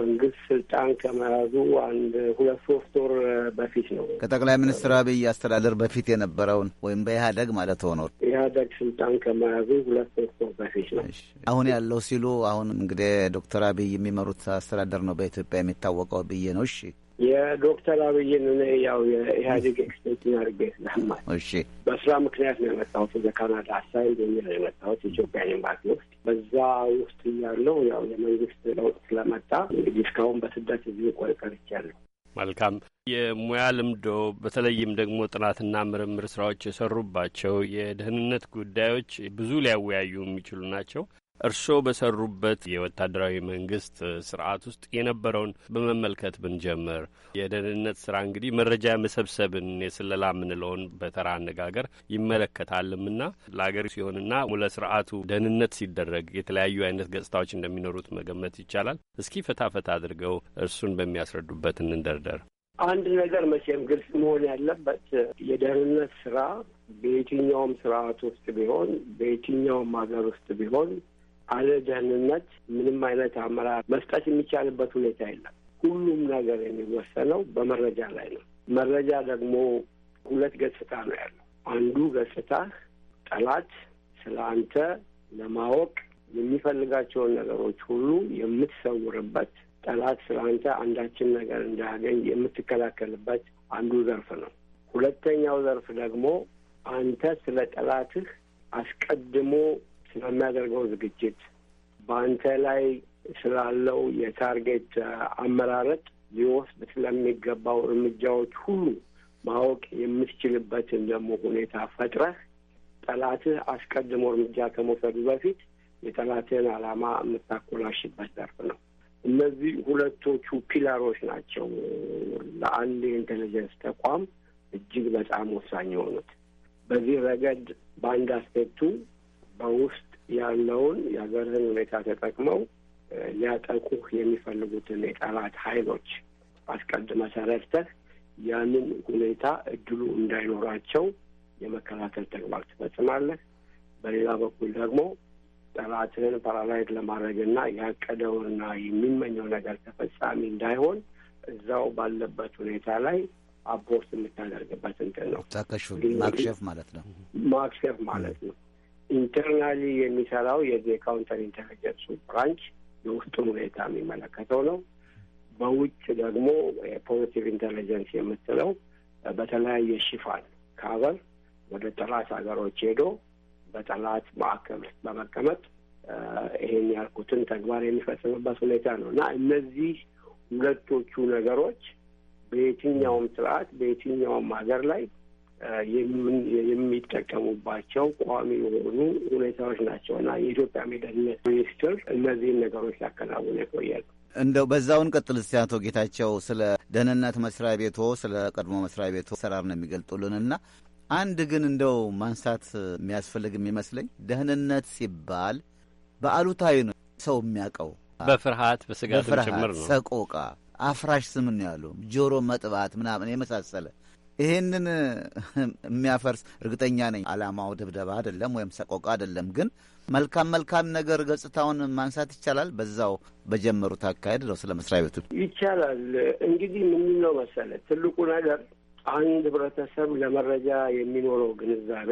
መንግስት ስልጣን ከመያዙ አንድ ሁለት ሶስት ወር በፊት ነው። ከጠቅላይ ሚኒስትር አብይ አስተዳደር በፊት የነበረውን ወይም በኢህአደግ ማለት ሆኖ ኢህአደግ ስልጣን ከመያዙ ሁለት ሶስት ወር በፊት ነው አሁን ያለው ሲሉ አሁን እንግዲህ ዶክተር አብይ የሚመሩት አስተዳደር ነው በኢትዮጵያ የሚታወቀው ብዬ ነው። እሺ የዶክተር አብይን እኔ ያው የኢህአዴግ ኤክስቴንሽን አድርጌ ስለማል እሺ፣ በስራ ምክንያት ነው የመጣሁት ወደ ካናዳ አሳይ በሚል የመጣሁት ኢትዮጵያን ኤምባሲ ውስጥ። በዛ ውስጥ እያለው ያው የመንግስት ለውጥ ስለመጣ እንግዲህ እስካሁን በስደት እዚህ ቆይ ቀርቻለሁ። መልካም የሙያ ልምዶ በተለይም ደግሞ ጥናትና ምርምር ስራዎች የሰሩባቸው የደህንነት ጉዳዮች ብዙ ሊያወያዩ የሚችሉ ናቸው። እርስዎ በሰሩበት የወታደራዊ መንግስት ስርዓት ውስጥ የነበረውን በመመልከት ብንጀምር የደህንነት ስራ እንግዲህ መረጃ መሰብሰብን የስለላ የምንለውን በተራ አነጋገር ይመለከታልምና ለሀገር ሲሆንና ለስርዓቱ ደህንነት ሲደረግ የተለያዩ አይነት ገጽታዎች እንደሚኖሩት መገመት ይቻላል። እስኪ ፈታፈት አድርገው እርሱን በሚያስረዱበት እንንደርደር አንድ ነገር መቼም ግልጽ መሆን ያለበት የደህንነት ስራ በየትኛውም ስርዓት ውስጥ ቢሆን በየትኛውም ሀገር ውስጥ ቢሆን አለ ደህንነት ምንም አይነት አመራር መስጠት የሚቻልበት ሁኔታ የለም። ሁሉም ነገር የሚወሰነው በመረጃ ላይ ነው። መረጃ ደግሞ ሁለት ገጽታ ነው ያለው። አንዱ ገጽታ ጠላት ስለ አንተ ለማወቅ የሚፈልጋቸውን ነገሮች ሁሉ የምትሰውርበት፣ ጠላት ስለ አንተ አንዳችን ነገር እንዳያገኝ የምትከላከልበት አንዱ ዘርፍ ነው። ሁለተኛው ዘርፍ ደግሞ አንተ ስለ ጠላትህ አስቀድሞ በሚያደርገው ዝግጅት፣ በአንተ ላይ ስላለው የታርጌት አመራረጥ ሊወስድ ስለሚገባው እርምጃዎች ሁሉ ማወቅ የምትችልበትን ደግሞ ሁኔታ ፈጥረህ ጠላትህ አስቀድሞ እርምጃ ከመውሰዱ በፊት የጠላትህን ዓላማ የምታኮላሽበት ዘርፍ ነው። እነዚህ ሁለቶቹ ፒላሮች ናቸው ለአንድ የኢንቴሊጀንስ ተቋም እጅግ በጣም ወሳኝ የሆኑት። በዚህ ረገድ በአንድ አስፔክቱ በውስጥ ያለውን የሀገርህን ሁኔታ ተጠቅመው ሊያጠቁህ የሚፈልጉትን የጠላት ኃይሎች አስቀድመ ተረድተህ ያንን ሁኔታ እድሉ እንዳይኖራቸው የመከላከል ተግባር ትፈጽማለህ። በሌላ በኩል ደግሞ ጠላትህን ፓራላይዝ ለማድረግና ያቀደውንና የሚመኘው ነገር ተፈጻሚ እንዳይሆን እዛው ባለበት ሁኔታ ላይ አቦርት የምታደርግበት እንትን ነው። ማክሸፍ ማለት ነው። ማክሸፍ ማለት ነው። ኢንተርናሊ የሚሰራው የዚህ የካውንተር ኢንቴሊጀንሱ ብራንች የውስጡን ሁኔታ የሚመለከተው ነው። በውጭ ደግሞ ፖዚቲቭ ኢንቴሊጀንስ የምትለው በተለያየ ሽፋን ካበር ወደ ጠላት ሀገሮች ሄዶ በጠላት ማዕከል በመቀመጥ ይሄን ያልኩትን ተግባር የሚፈጽምበት ሁኔታ ነው እና እነዚህ ሁለቶቹ ነገሮች በየትኛውም ስርዓት በየትኛውም ሀገር ላይ የሚጠቀሙባቸው ቋሚ የሆኑ ሁኔታዎች ናቸው እና የኢትዮጵያ የደህንነት ሚኒስትር እነዚህን ነገሮች ያከናውን ይቆያል። እንደው በዛውን ቀጥል እስኪ አቶ ጌታቸው ስለ ደህንነት መስሪያ ቤቶ ስለ ቀድሞ መስሪያ ቤቶ ሰራር ነው የሚገልጡልንና አንድ ግን እንደው ማንሳት የሚያስፈልግ የሚመስለኝ ደህንነት ሲባል በአሉታዊ ነው ሰው የሚያውቀው፣ በፍርሃት በስጋት ጭምር ነው። ሰቆቃ፣ አፍራሽ ስም ነው ያሉ ጆሮ መጥባት ምናምን የመሳሰለ ይሄንን የሚያፈርስ እርግጠኛ ነኝ። አላማው ድብደባ አይደለም ወይም ሰቆቃ አይደለም። ግን መልካም መልካም ነገር ገጽታውን ማንሳት ይቻላል። በዛው በጀመሩት አካሄድ ነው ስለ መስሪያ ቤቱ ይቻላል። እንግዲህ ምንድነው መሰለ ትልቁ ነገር አንድ ህብረተሰብ ለመረጃ የሚኖረው ግንዛቤ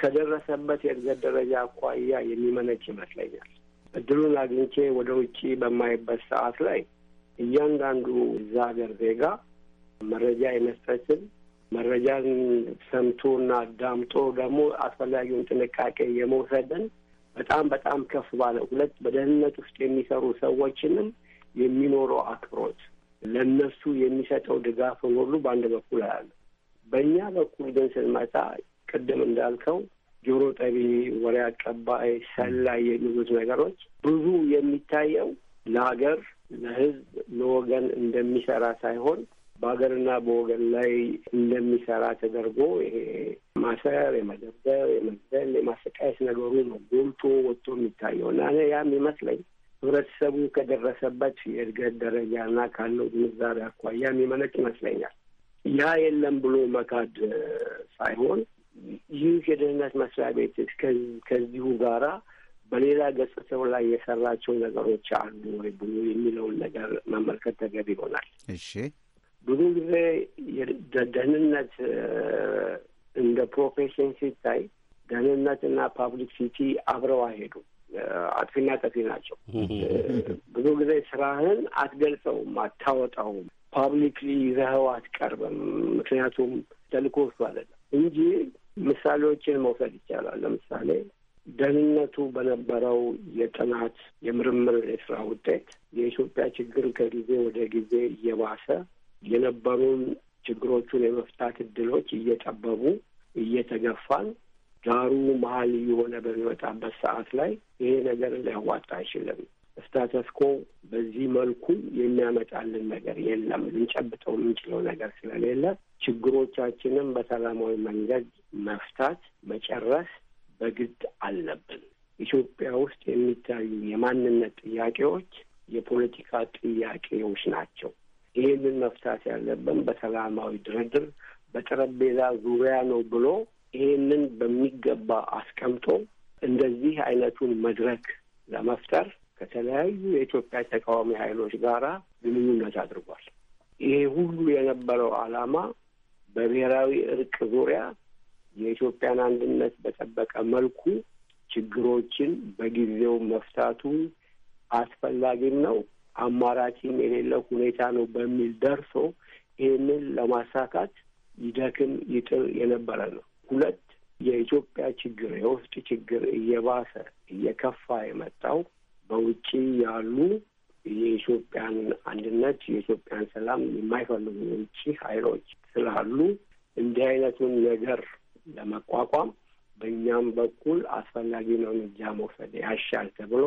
ከደረሰበት የእድገት ደረጃ አኳያ የሚመነጭ ይመስለኛል። እድሉን አግኝቼ ወደ ውጭ በማይበት ሰዓት ላይ እያንዳንዱ እዛ ሀገር ዜጋ መረጃ የመስጠትን መረጃን ሰምቶ እና አዳምጦ ደግሞ አስፈላጊውን ጥንቃቄ የመውሰድን በጣም በጣም ከፍ ባለ ሁለት በደህንነት ውስጥ የሚሰሩ ሰዎችንም የሚኖረው አክብሮት ለነሱ የሚሰጠው ድጋፍን ሁሉ በአንድ በኩል አያለ። በእኛ በኩል ግን ስንመጣ ቅድም እንዳልከው ጆሮ ጠቢ፣ ወሬ አቀባይ፣ ሰላይ የሚሉት ነገሮች ብዙ የሚታየው ለሀገር፣ ለህዝብ ለወገን እንደሚሰራ ሳይሆን በሀገርና በወገን ላይ እንደሚሰራ ተደርጎ ይሄ ማሰር፣ የመደብደብ፣ የመግደል፣ የማሰቃየት ነገሩ ነው ጎልቶ ወጥቶ የሚታየው እና እኔ ያም ይመስለኝ ህብረተሰቡ ከደረሰበት የእድገት ደረጃና ካለው ግንዛቤ አኳያ የሚመለቅ ይመስለኛል። ያ የለም ብሎ መካድ ሳይሆን ይህ የደህንነት መስሪያ ቤት ከዚሁ ጋራ በሌላ ገጽታው ላይ የሰራቸው ነገሮች አሉ ወይ ብሎ የሚለውን ነገር መመልከት ተገቢ ይሆናል። እሺ ብዙ ጊዜ ደህንነት እንደ ፕሮፌሽን ሲታይ ደህንነትና ፓብሊክ ሲቲ አብረው አሄዱ አጥፊና ጠፊ ናቸው። ብዙ ጊዜ ስራህን አትገልጸውም፣ አታወጣውም፣ ፓብሊክሊ ይዘኸው አትቀርብም። ምክንያቱም ተልእኮ እሱ አይደለም እንጂ ምሳሌዎችን መውሰድ ይቻላል። ለምሳሌ ደህንነቱ በነበረው የጥናት የምርምር የስራ ውጤት የኢትዮጵያ ችግር ከጊዜ ወደ ጊዜ እየባሰ የነበሩን ችግሮቹን የመፍታት እድሎች እየጠበቡ እየተገፋን ዳሩ መሀል እየሆነ በሚመጣበት ሰዓት ላይ ይሄ ነገር ሊያዋጣ አይችልም። ስታተስኮ በዚህ መልኩ የሚያመጣልን ነገር የለም። ልንጨብጠው የምንችለው ነገር ስለሌለ ችግሮቻችንን በሰላማዊ መንገድ መፍታት መጨረስ በግድ አለብን። ኢትዮጵያ ውስጥ የሚታዩ የማንነት ጥያቄዎች የፖለቲካ ጥያቄዎች ናቸው። ይህንን መፍታት ያለብን በሰላማዊ ድርድር በጠረጴዛ ዙሪያ ነው ብሎ ይህንን በሚገባ አስቀምጦ እንደዚህ አይነቱን መድረክ ለመፍጠር ከተለያዩ የኢትዮጵያ ተቃዋሚ ኃይሎች ጋራ ግንኙነት አድርጓል። ይሄ ሁሉ የነበረው ዓላማ በብሔራዊ እርቅ ዙሪያ የኢትዮጵያን አንድነት በጠበቀ መልኩ ችግሮችን በጊዜው መፍታቱ አስፈላጊም ነው። አማራጭም የሌለው ሁኔታ ነው በሚል ደርሶ ይህንን ለማሳካት ይደክም ይጥር የነበረ ነው። ሁለት የኢትዮጵያ ችግር የውስጥ ችግር እየባሰ እየከፋ የመጣው በውጭ ያሉ የኢትዮጵያን አንድነት የኢትዮጵያን ሰላም የማይፈልጉ የውጭ ኃይሎች ስላሉ እንዲህ አይነቱን ነገር ለመቋቋም በእኛም በኩል አስፈላጊ ነው እርምጃ መውሰድ ያሻል ተብሎ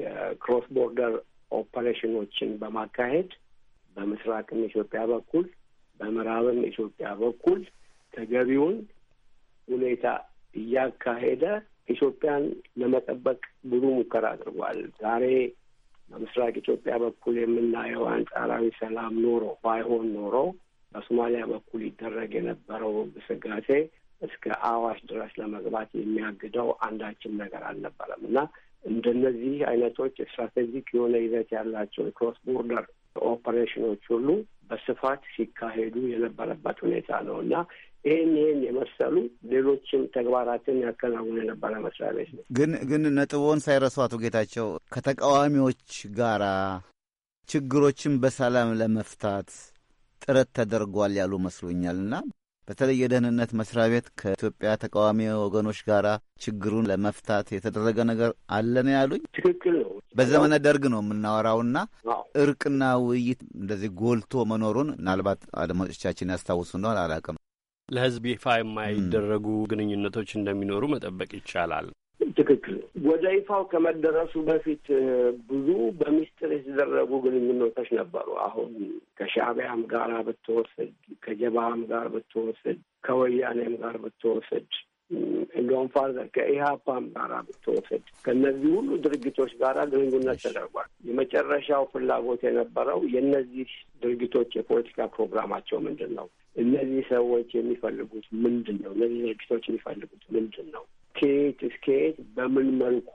የክሮስ ቦርደር ኦፐሬሽኖችን በማካሄድ በምስራቅም ኢትዮጵያ በኩል በምዕራብም ኢትዮጵያ በኩል ተገቢውን ሁኔታ እያካሄደ ኢትዮጵያን ለመጠበቅ ብዙ ሙከራ አድርጓል። ዛሬ በምስራቅ ኢትዮጵያ በኩል የምናየው አንጻራዊ ሰላም ኖሮ ባይሆን ኖሮ በሶማሊያ በኩል ይደረግ የነበረው ግስጋሴ እስከ አዋሽ ድረስ ለመግባት የሚያግደው አንዳችም ነገር አልነበረም እና እንደነዚህ አይነቶች ስትራቴጂክ የሆነ ይዘት ያላቸው ክሮስ ቦርደር ኦፐሬሽኖች ሁሉ በስፋት ሲካሄዱ የነበረበት ሁኔታ ነው እና ይህን ይህን የመሰሉ ሌሎችም ተግባራትን ያከናውኑ የነበረ መስሪያ ቤት ነው። ግን ግን ነጥቦን ሳይረሱ አቶ ጌታቸው ከተቃዋሚዎች ጋራ ችግሮችን በሰላም ለመፍታት ጥረት ተደርጓል ያሉ መስሎኛል እና በተለይ የደህንነት መስሪያ ቤት ከኢትዮጵያ ተቃዋሚ ወገኖች ጋር ችግሩን ለመፍታት የተደረገ ነገር አለ ነው ያሉኝ። ትክክል ነው። በዘመነ ደርግ ነው የምናወራውና እርቅና ውይይት እንደዚህ ጎልቶ መኖሩን ምናልባት አድማጮቻችን ያስታውሱ እንደሆን አላውቅም። ለህዝብ ይፋ የማይደረጉ ግንኙነቶች እንደሚኖሩ መጠበቅ ይቻላል። ትክክል። ወደ ይፋው ከመደረሱ በፊት ብዙ በሚስጥር የተደረጉ ግንኙነቶች ነበሩ። አሁን ከሻዕቢያም ጋር ብትወስድ፣ ከጀባም ጋር ብትወስድ፣ ከወያኔም ጋር ብትወስድ፣ እንዲሁም ፋርዘር ከኢህአፓም ጋር ብትወስድ፣ ከእነዚህ ሁሉ ድርጊቶች ጋር ግንኙነት ተደርጓል። የመጨረሻው ፍላጎት የነበረው የእነዚህ ድርጊቶች የፖለቲካ ፕሮግራማቸው ምንድን ነው? እነዚህ ሰዎች የሚፈልጉት ምንድን ነው? እነዚህ ድርጊቶች የሚፈልጉት ምንድን ነው? ከየት እስከ በምን መልኩ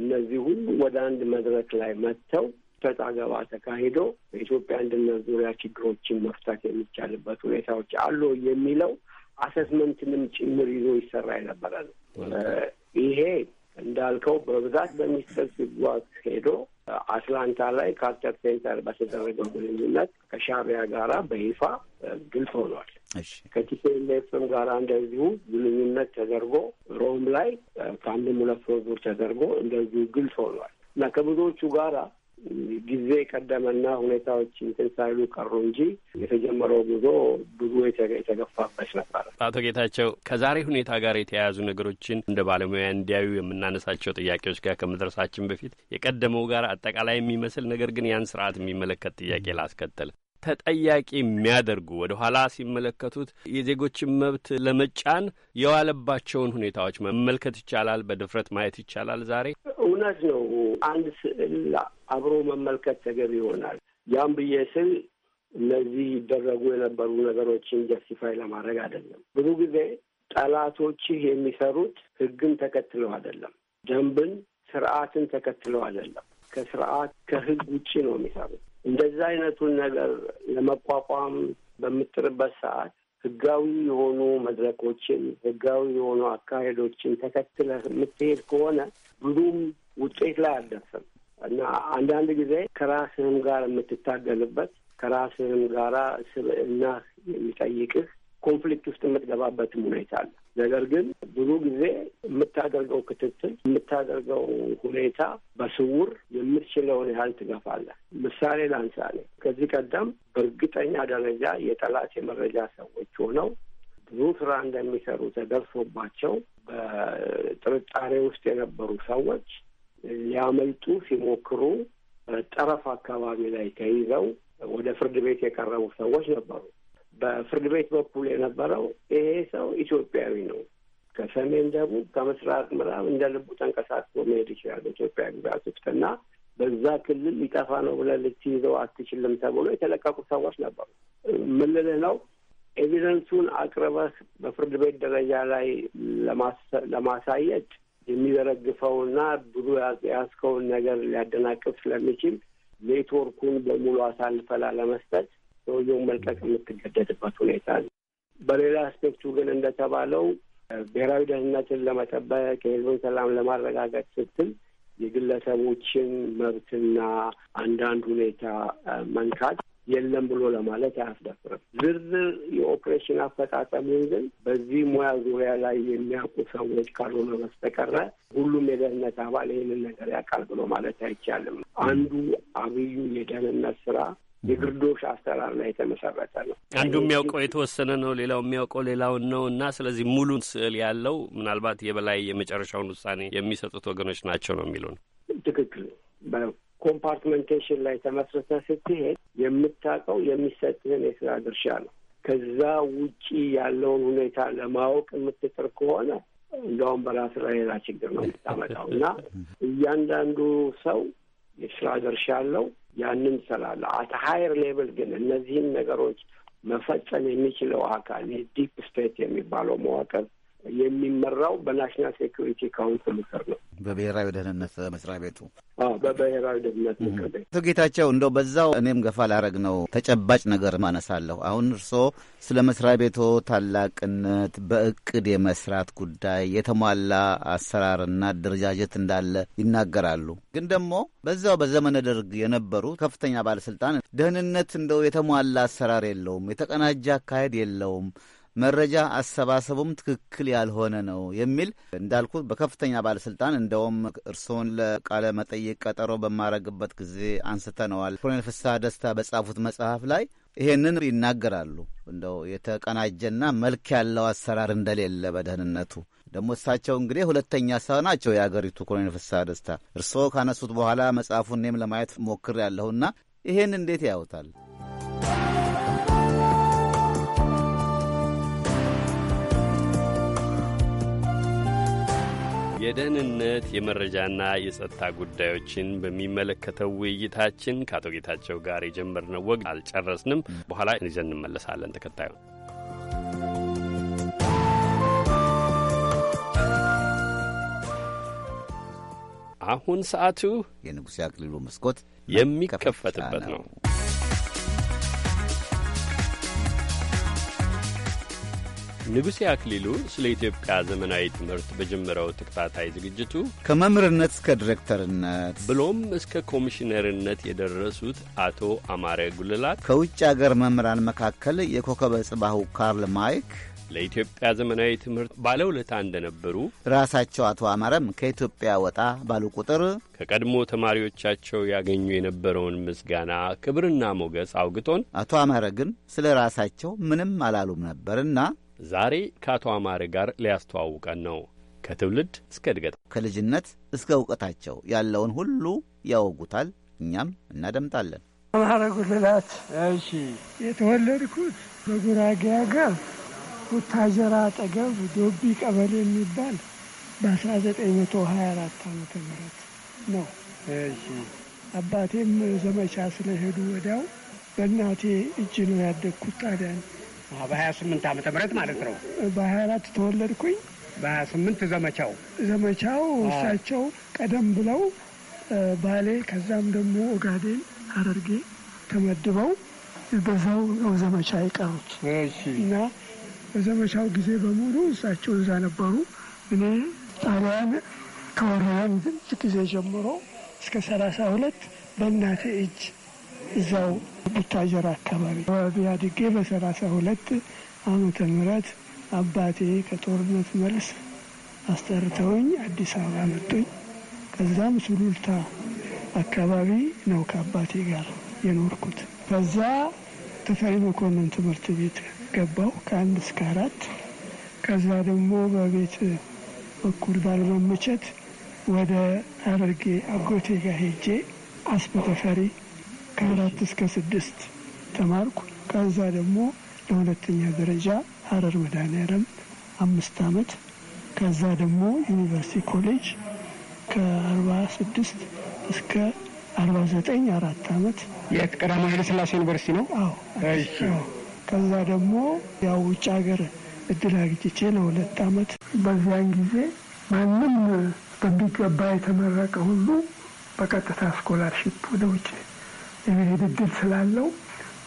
እነዚህ ሁሉ ወደ አንድ መድረክ ላይ መጥተው ሰጥ ገባ ተካሂዶ በኢትዮጵያ አንድነት ዙሪያ ችግሮችን መፍታት የሚቻልበት ሁኔታዎች አሉ የሚለው አሰስመንትንም ጭምር ይዞ ይሰራ የነበረ ነው። ይሄ እንዳልከው በብዛት በሚስጥር ሲጓዝ ሄዶ አትላንታ ላይ ካርተር ሴንተር በተደረገው ግንኙነት ከሻቢያ ጋራ በይፋ ግልጽ ሆኗል። ከቲፒኤልኤፍም ጋር እንደዚሁ ግንኙነት ተደርጎ ሮም ላይ ከአንድም ሁለት ፎዙር ተደርጎ እንደዚሁ ግልጽ ሆኗል እና ከብዙዎቹ ጋራ ጊዜ ቀደመና ሁኔታዎች እንትን ሳይሉ ቀሩ እንጂ የተጀመረው ጉዞ ብዙ የተገፋበት ነበር። አቶ ጌታቸው ከዛሬ ሁኔታ ጋር የተያያዙ ነገሮችን እንደ ባለሙያ እንዲያዩ የምናነሳቸው ጥያቄዎች ጋር ከመድረሳችን በፊት የቀደመው ጋር አጠቃላይ የሚመስል ነገር ግን ያን ስርዓት የሚመለከት ጥያቄ ላስከተል ተጠያቂ የሚያደርጉ ወደ ኋላ ሲመለከቱት የዜጎችን መብት ለመጫን የዋለባቸውን ሁኔታዎች መመልከት ይቻላል፣ በድፍረት ማየት ይቻላል። ዛሬ እውነት ነው። አንድ ስዕል አብሮ መመልከት ተገቢ ይሆናል። ያም ብዬ ስል እነዚህ ይደረጉ የነበሩ ነገሮችን ጀስቲፋይ ለማድረግ አይደለም። ብዙ ጊዜ ጠላቶችህ የሚሰሩት ህግን ተከትለው አይደለም፣ ደንብን ስርዓትን ተከትለው አይደለም። ከስርዓት ከህግ ውጭ ነው የሚሰሩት እንደዛ አይነቱን ነገር ለመቋቋም በምጥርበት ሰዓት ህጋዊ የሆኑ መድረኮችን ህጋዊ የሆኑ አካሄዶችን ተከትለህ የምትሄድ ከሆነ ብዙም ውጤት ላይ አልደርስም እና አንዳንድ ጊዜ ከራስህም ጋር የምትታገልበት ከራስህም ጋራ ስብዕና የሚጠይቅህ ኮንፍሊክት ውስጥ የምትገባበትም ሁኔታ አለ። ነገር ግን ብዙ ጊዜ የምታደርገው ክትትል የምታደርገው ሁኔታ በስውር የምትችለውን ያህል ትገፋለህ። ምሳሌ ላንሳሌ ከዚህ ቀደም በእርግጠኛ ደረጃ የጠላት የመረጃ ሰዎች ሆነው ብዙ ስራ እንደሚሰሩ ተደርሶባቸው በጥርጣሬ ውስጥ የነበሩ ሰዎች ሊያመልጡ ሲሞክሩ ጠረፍ አካባቢ ላይ ተይዘው ወደ ፍርድ ቤት የቀረቡ ሰዎች ነበሩ። በፍርድ ቤት በኩል የነበረው ይሄ ሰው ኢትዮጵያዊ ነው፣ ከሰሜን ደቡብ፣ ከምስራቅ ምዕራብ እንደ ልቡ ተንቀሳቅሶ መሄድ ይችላል ኢትዮጵያ ግዛት ውስጥ እና በዛ ክልል ሊጠፋ ነው ብለህ ልትይዘው አትችልም ተብሎ የተለቀቁ ሰዎች ነበሩ። ምን ነው ኤቪደንሱን አቅርበህ በፍርድ ቤት ደረጃ ላይ ለማሳየት የሚዘረግፈውና ብዙ የያዝከውን ነገር ሊያደናቅፍ ስለሚችል ኔትወርኩን በሙሉ አሳልፈላ ለመስጠት ሰውየውን መልቀቅ የምትገደድበት ሁኔታ ነው። በሌላ አስፔክቱ ግን እንደተባለው ብሔራዊ ደህንነትን ለመጠበቅ የህዝብን ሰላም ለማረጋገጥ ስትል የግለሰቦችን መብትና አንዳንድ ሁኔታ መንካት የለም ብሎ ለማለት አያስደፍርም። ዝርዝር የኦፕሬሽን አፈጣጠሙን ግን በዚህ ሙያ ዙሪያ ላይ የሚያውቁ ሰዎች ካልሆነ በስተቀረ ሁሉም የደህንነት አባል ይህንን ነገር ያውቃል ብሎ ማለት አይቻልም። አንዱ አብዩ የደህንነት ስራ የግርዶሽ አሰራር ላይ የተመሰረተ ነው። አንዱ የሚያውቀው የተወሰነ ነው፣ ሌላው የሚያውቀው ሌላውን ነው እና ስለዚህ ሙሉን ስዕል ያለው ምናልባት የበላይ የመጨረሻውን ውሳኔ የሚሰጡት ወገኖች ናቸው ነው የሚሉን። ትክክል። በኮምፓርትመንቴሽን ላይ ተመስርተ ስትሄድ የምታውቀው የሚሰጥህን የስራ ድርሻ ነው። ከዛ ውጪ ያለውን ሁኔታ ለማወቅ የምትጥር ከሆነ እንደውም በራስ ላይ ሌላ ችግር ነው የምታመጣው እና እያንዳንዱ ሰው የስራ ድርሻ አለው። ያንን ስላለ አት ሀይር ሌቭል ግን እነዚህን ነገሮች መፈጸም የሚችለው አካል የዲፕ ዲፕ ስቴት የሚባለው መዋቅር የሚመራው በናሽናል ሴኩሪቲ ካውንስል ምክር ነው፣ በብሔራዊ ደህንነት መስሪያ ቤቱ በብሔራዊ ደህንነት ምክር ቤት። አቶ ጌታቸው እንደው በዛው እኔም ገፋ ላረግ ነው ተጨባጭ ነገር ማነሳለሁ። አሁን እርስዎ ስለ መስሪያ ቤቶ ታላቅነት፣ በእቅድ የመስራት ጉዳይ፣ የተሟላ አሰራርና አደረጃጀት እንዳለ ይናገራሉ። ግን ደግሞ በዛው በዘመነ ደርግ የነበሩ ከፍተኛ ባለስልጣን ደህንነት እንደው የተሟላ አሰራር የለውም፣ የተቀናጀ አካሄድ የለውም መረጃ አሰባሰቡም ትክክል ያልሆነ ነው የሚል እንዳልኩ በከፍተኛ ባለስልጣን እንደውም እርስዎን ለቃለ መጠይቅ ቀጠሮ በማረግበት ጊዜ አንስተነዋል። ኮሎኔል ፍስሐ ደስታ በጻፉት መጽሐፍ ላይ ይሄንን ይናገራሉ። እንደው የተቀናጀና መልክ ያለው አሰራር እንደሌለ በደህንነቱ ደግሞ እሳቸው እንግዲህ ሁለተኛ ሰው ናቸው የአገሪቱ ኮሎኔል ፍስሐ ደስታ። እርስዎ ካነሱት በኋላ መጽሐፉን እኔም ለማየት ሞክር ያለሁና ይሄን እንዴት ያዩታል? የደህንነት የመረጃና የጸጥታ ጉዳዮችን በሚመለከተው ውይይታችን ከአቶ ጌታቸው ጋር የጀመርነው ወግ አልጨረስንም። በኋላ ይዘን እንመለሳለን። ተከታዩ አሁን ሰዓቱ የንጉሴ አክሊሉ መስኮት የሚከፈትበት ነው። ንጉሴ አክሊሉ ስለ ኢትዮጵያ ዘመናዊ ትምህርት በጀመረው ተከታታይ ዝግጅቱ ከመምህርነት እስከ ዲሬክተርነት ብሎም እስከ ኮሚሽነርነት የደረሱት አቶ አማረ ጉልላት ከውጭ አገር መምህራን መካከል የኮከበ ጽባሁ ካርል ማይክ ለኢትዮጵያ ዘመናዊ ትምህርት ባለውለታ እንደነበሩ ራሳቸው አቶ አማረም ከኢትዮጵያ ወጣ ባሉ ቁጥር ከቀድሞ ተማሪዎቻቸው ያገኙ የነበረውን ምስጋና ክብርና ሞገስ አውግቶን፣ አቶ አማረ ግን ስለ ራሳቸው ምንም አላሉም ነበርና ዛሬ ከአቶ አማረ ጋር ሊያስተዋውቀን ነው። ከትውልድ እስከ እድገት ከልጅነት እስከ እውቀታቸው ያለውን ሁሉ ያወጉታል። እኛም እናደምጣለን። አማረ ጉልላት። እሺ፣ የተወለድኩት በጉራጌ ሀገር ቡታጀራ አጠገብ ዶቢ ቀበሌ የሚባል በ1924 ዓ ም ነው። አባቴም ዘመቻ ስለሄዱ ወዲያው በእናቴ እጅ ነው ያደግኩት። ታዲያን በሀያ ስምንት ዓመተ ምህረት ማለት ነው። በሀያ አራት ተወለድኩኝ። በሀያ ስምንት ዘመቻው ዘመቻው እሳቸው ቀደም ብለው ባሌ ከዛም ደግሞ ኦጋዴን አደርጌ ተመድበው በዛው ነው ዘመቻ የቀሩት እና በዘመቻው ጊዜ በሙሉ እሳቸው እዛ ነበሩ። እኔ ጣሊያን ከወረረን ጊዜ ጀምሮ እስከ ሰላሳ ሁለት በእናቴ እጅ እዛው ብታጀራ አካባቢ ቢያድጌ በሰላሳ ሁለት አመተ ምህረት አባቴ ከጦርነት መልስ አስጠርተውኝ አዲስ አበባ መጡኝ። ከዛም ሱሉልታ አካባቢ ነው ከአባቴ ጋር የኖርኩት። ከዛ ተፈሪ መኮንን ትምህርት ቤት ገባው ከአንድ እስከ አራት። ከዛ ደግሞ በቤት በኩል ባለመመቸት ወደ ሐረርጌ አጎቴ ጋር ሄጄ አስበተፈሪ ከአራት እስከ ስድስት ተማርኩ። ከዛ ደግሞ ለሁለተኛ ደረጃ ሀረር መድኃኔዓለም አምስት አመት፣ ከዛ ደግሞ ዩኒቨርሲቲ ኮሌጅ ከአርባ ስድስት እስከ አርባ ዘጠኝ አራት ዓመት የቀዳማዊ ኃይለ ሥላሴ ዩኒቨርሲቲ ነው። አዎ። ከዛ ደግሞ ያው ውጭ ሀገር እድል አግኝቼ ለሁለት አመት በዚያን ጊዜ ማንም በሚገባ የተመረቀ ሁሉ በቀጥታ ስኮላርሽፕ ወደ ውጭ የመሄድ እድል ስላለው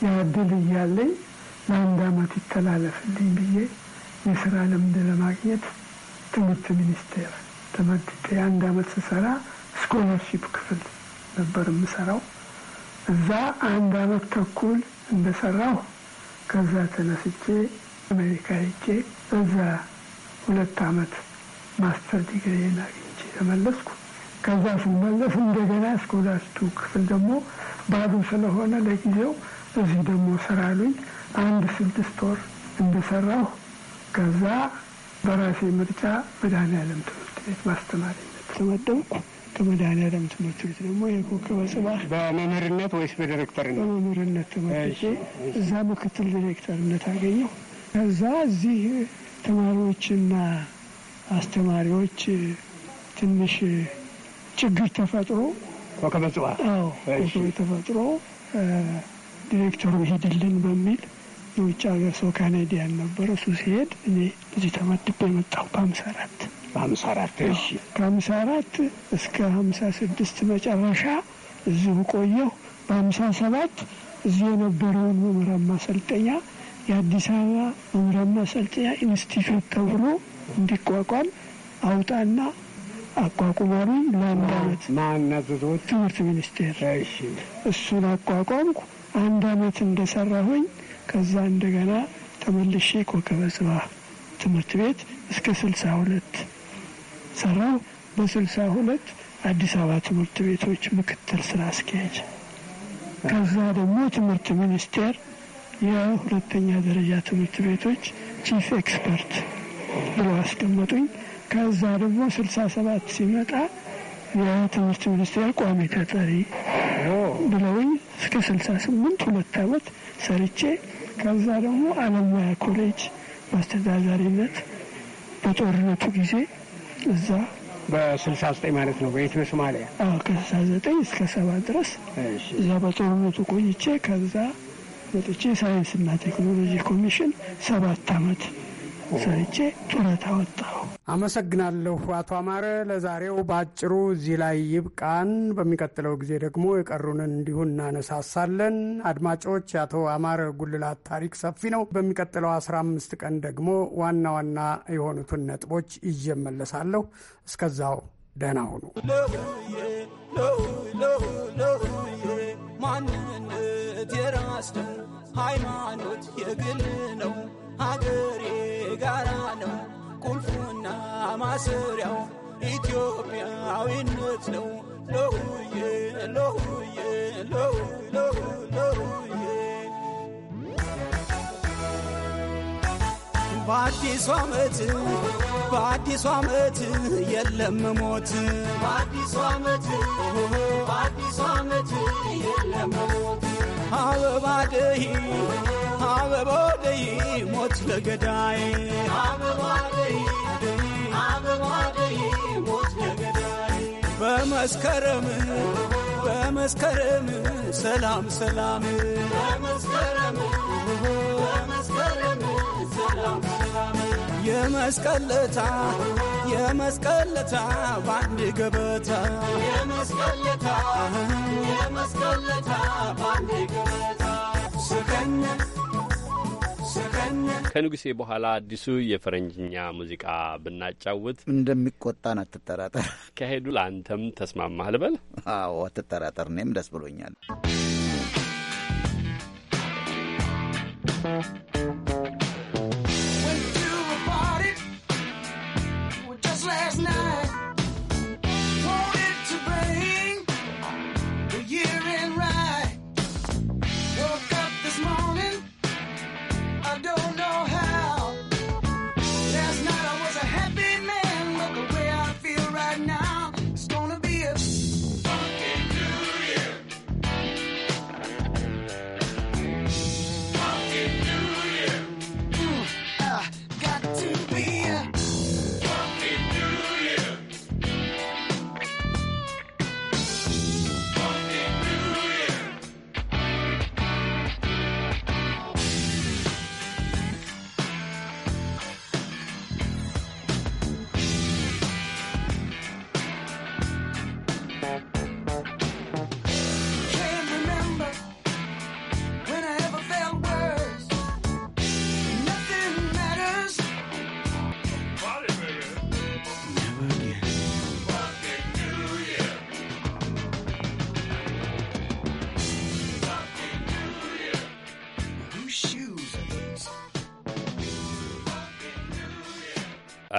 ያ እድል እያለኝ ለአንድ አመት ይተላለፍልኝ ብዬ የስራ ልምድ ለማግኘት ትምህርት ሚኒስቴር ተመድቤ የአንድ አመት ስሰራ ስኮላርሺፕ ክፍል ነበር የምሰራው። እዛ አንድ አመት ተኩል እንደሰራሁ ከዛ ተነስቼ አሜሪካ ሄጄ እዛ ሁለት አመት ማስተር ዲግሪ አግኝቼ ተመለስኩ። ከዛ ስመለስ እንደገና እስከ ሁለቱ ክፍል ደግሞ ባዶ ስለሆነ ለጊዜው እዚህ ደግሞ ስራ አሉኝ። አንድ ስድስት ወር እንደሰራሁ ከዛ በራሴ ምርጫ መድኃኔዓለም ትምህርት ቤት ማስተማሪነት ተመደብኩ። ከመድኃኔዓለም ትምህርት ቤት ደግሞ የኮከበ ጽባህ በመምህርነት ወይስ በዲሬክተር? በመምህርነት ትምህርት እዛ ምክትል ዲሬክተርነት አገኘሁ። ከዛ እዚህ ተማሪዎችና አስተማሪዎች ትንሽ ችግር ተፈጥሮ ኮከበ ተፈጥሮ ዲሬክተሩ ሄድልን በሚል የውጭ ሀገር ሰው ካናዲያን ነበረ። እሱ ሲሄድ እኔ እዚህ ተመድቤ የመጣሁ በሀምሳ አራት በሀምሳ አራት እሺ ከሀምሳ አራት እስከ ሀምሳ ስድስት መጨረሻ እዚሁ ቆየሁ። በሀምሳ ሰባት እዚህ የነበረውን መምህራን ማሰልጠኛ የአዲስ አበባ መምህራን ማሰልጠኛ ኢንስቲትዩት ተብሎ እንዲቋቋም አውጣና አቋቁሟል። ለአንድ አመት ማናዘዞት ትምህርት ሚኒስቴር እሱን አቋቋምኩ። አንድ አመት እንደሰራሁኝ ከዛ እንደገና ተመልሼ ኮከበ ጽባ ትምህርት ቤት እስከ ስልሳ ሁለት ሰራሁ። በስልሳ ሁለት አዲስ አበባ ትምህርት ቤቶች ምክትል ስራ አስኪያጅ፣ ከዛ ደግሞ ትምህርት ሚኒስቴር የሁለተኛ ደረጃ ትምህርት ቤቶች ቺፍ ኤክስፐርት ብለው አስቀመጡኝ። ከዛ ደግሞ ስልሳ ሰባት ሲመጣ የትምህርት ሚኒስቴር ቋሚ ተጠሪ ብለውኝ እስከ ስልሳ ስምንት ሁለት ዓመት ሰርቼ ከዛ ደግሞ አለማያ ኮሌጅ በአስተዳዳሪነት በጦርነቱ ጊዜ እዛ በስልሳ ዘጠኝ ማለት ነው። በየት በሶማሊያ ከስልሳ ዘጠኝ እስከ ሰባ ድረስ እዛ በጦርነቱ ቆይቼ ከዛ ወጥቼ ሳይንስና ቴክኖሎጂ ኮሚሽን ሰባት ዓመት ሰርቼ ጡረታ ወጣሁ። አመሰግናለሁ አቶ አማረ። ለዛሬው በአጭሩ እዚህ ላይ ይብቃን። በሚቀጥለው ጊዜ ደግሞ የቀሩንን እንዲሁ እናነሳሳለን። አድማጮች፣ የአቶ አማረ ጉልላት ታሪክ ሰፊ ነው። በሚቀጥለው አምስት ቀን ደግሞ ዋና ዋና የሆኑትን ነጥቦች ይዤ እመለሳለሁ። እስከዛው ደህና ሁኑ። ማንነት የራስ ሃይማኖት የግል ነው። ሀገሬ ማሰሪያው ኢትዮጵያዊነት ነው። ሎሁዬ ሎሁዬ ሎሁ ሎሁ በአዲሱ ዓመት በአዲሱ ዓመት የለም ሞት በአዲሱ ዓመት በአዲሱ ዓመት የለም ሞት አበባ አበባ ሞት ለገዳይ አበባ በመስከረም በመስከረም ሰላም ሰላም የመስቀለታ የመስቀለታ ባንድ ገበታ ስከኛ ከንጉሴ በኋላ አዲሱ የፈረንጅኛ ሙዚቃ ብናጫውት እንደሚቆጣን አትጠራጠር። ከሄዱ ለአንተም ተስማማህ ልበል? አዎ አትጠራጠር። እኔም ደስ ብሎኛል።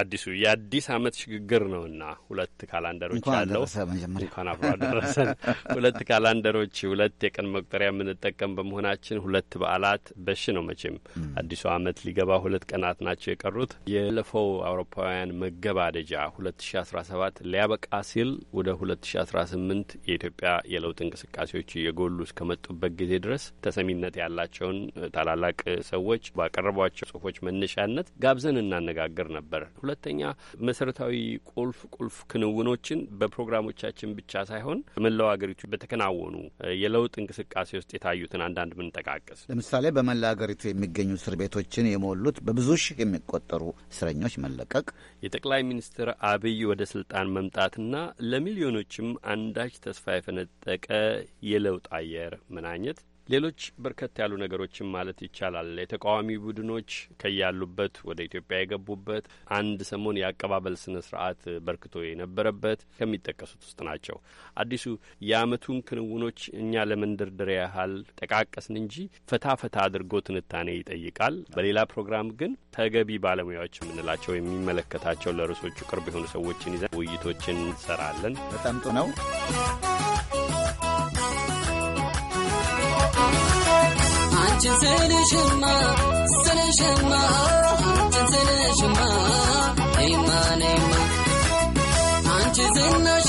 አዲሱ የአዲስ ዓመት ሽግግር ነውና ሁለት ካላንደሮች ያለው እንኳን አብሮ አደረሰን። (laughs) ሁለት ካላንደሮች፣ ሁለት የቀን መቁጠሪያ የምንጠቀም በመሆናችን ሁለት በዓላት በሽ ነው መቼም አዲሱ ዓመት ሊገባ ሁለት ቀናት ናቸው የቀሩት። ያለፈው አውሮፓውያን መገባደጃ 2017 ሊያበቃ ሲል ወደ 2018 የኢትዮጵያ የለውጥ እንቅስቃሴዎች እየጎሉ እስከመጡበት ጊዜ ድረስ ተሰሚነት ያላቸውን ታላላቅ ሰዎች ባቀረቧቸው ጽሁፎች መነሻነት ጋብዘን እናነጋግር ነበር። ሁለተኛ መሰረታዊ ቁልፍ ቁልፍ ክንውኖችን በፕሮግራሞቻችን ብቻ ሳይሆን መላው ሀገሪቱ በተከናወኑ የለውጥ እንቅስቃሴ ውስጥ የታዩትን አንዳንድ ብንጠቃቅስ ለምሳሌ በመላ ሀገሪቱ የሚገኙ እስር ቤቶችን የሞሉት በብዙ ሺህ የሚቆጠሩ እስረኞች መለቀቅ፣ የጠቅላይ ሚኒስትር አብይ ወደ ስልጣን መምጣትና ለሚሊዮኖችም አንዳች ተስፋ የፈነጠቀ የለውጥ አየር መናኘት ሌሎች በርከት ያሉ ነገሮችን ማለት ይቻላል የተቃዋሚ ቡድኖች ከያሉበት ወደ ኢትዮጵያ የገቡበት አንድ ሰሞን የአቀባበል ስነ ስርዓት በርክቶ የነበረበት ከሚጠቀሱት ውስጥ ናቸው። አዲሱ የአመቱን ክንውኖች እኛ ለመንደርደሪያ ያህል ጠቃቀስን እንጂ ፈታ ፈታ አድርጎ ትንታኔ ይጠይቃል። በሌላ ፕሮግራም ግን ተገቢ ባለሙያዎች የምንላቸው የሚመለከታቸው ለርዕሶቹ ቅርብ የሆኑ ሰዎችን ይዘን ውይይቶችን እንሰራለን። በጣም ጥሩ ነው። Anti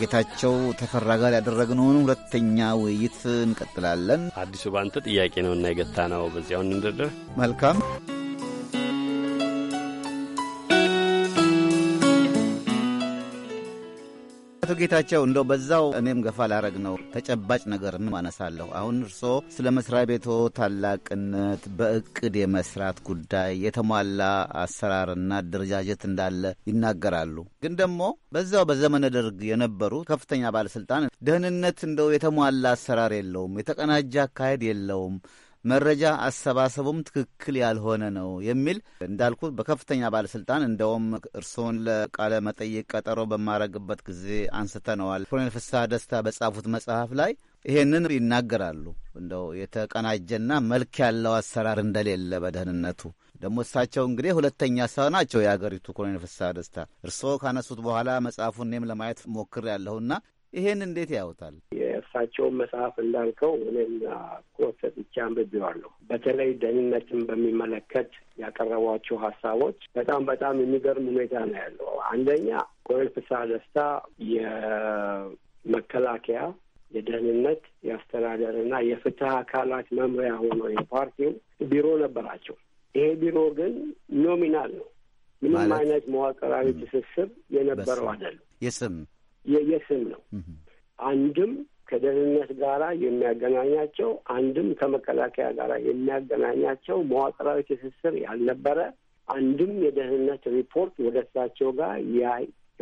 ጌታቸው ተፈራ ጋር ያደረግነውን ሁለተኛ ውይይት እንቀጥላለን። አዲሱ ባንተ ጥያቄ ነውና የገታ ነው። በዚያውን እንደርደር። መልካም አቶ ጌታቸው እንደው በዛው እኔም ገፋ ላረግ ነው ተጨባጭ ነገር ምን አነሳለሁ አሁን እርስዎ ስለ መስሪያ ቤቶ ታላቅነት፣ በእቅድ የመስራት ጉዳይ፣ የተሟላ አሰራርና አደረጃጀት እንዳለ ይናገራሉ። ግን ደግሞ በዛው በዘመነ ደርግ የነበሩ ከፍተኛ ባለስልጣን ደህንነት እንደው የተሟላ አሰራር የለውም፣ የተቀናጀ አካሄድ የለውም መረጃ አሰባሰቡም ትክክል ያልሆነ ነው የሚል እንዳልኩ በከፍተኛ ባለስልጣን እንደውም እርስዎን ለቃለ መጠይቅ ቀጠሮ በማረግበት ጊዜ አንስተነዋል። ኮሎኔል ፍስሐ ደስታ በጻፉት መጽሐፍ ላይ ይሄንን ይናገራሉ። እንደው የተቀናጀና መልክ ያለው አሰራር እንደሌለ በደህንነቱ ደግሞ እሳቸው እንግዲህ ሁለተኛ ሰው ናቸው የአገሪቱ ኮሎኔል ፍስሐ ደስታ። እርስዎ ካነሱት በኋላ መጽሐፉን እኔም ለማየት ሞክር ያለሁና ይሄን እንዴት ያዩታል? የእሳቸውን መጽሐፍ እንዳልከው እኔም ኮት አንብቤዋለሁ። በተለይ ደህንነትን በሚመለከት ያቀረቧቸው ሀሳቦች በጣም በጣም የሚገርም ሁኔታ ነው ያለው። አንደኛ ኮሎኔል ደስታ የመከላከያ የደህንነት የአስተዳደርና የፍትህ አካላት መምሪያ ሆኖ የፓርቲው ቢሮ ነበራቸው። ይሄ ቢሮ ግን ኖሚናል ነው። ምንም አይነት መዋቅራዊ ትስስር የነበረው አይደለም። የስም የስም ነው። አንድም ከደህንነት ጋራ የሚያገናኛቸው አንድም ከመከላከያ ጋራ የሚያገናኛቸው መዋቅራዊ ትስስር ያልነበረ አንድም የደህንነት ሪፖርት ወደ እሳቸው ጋር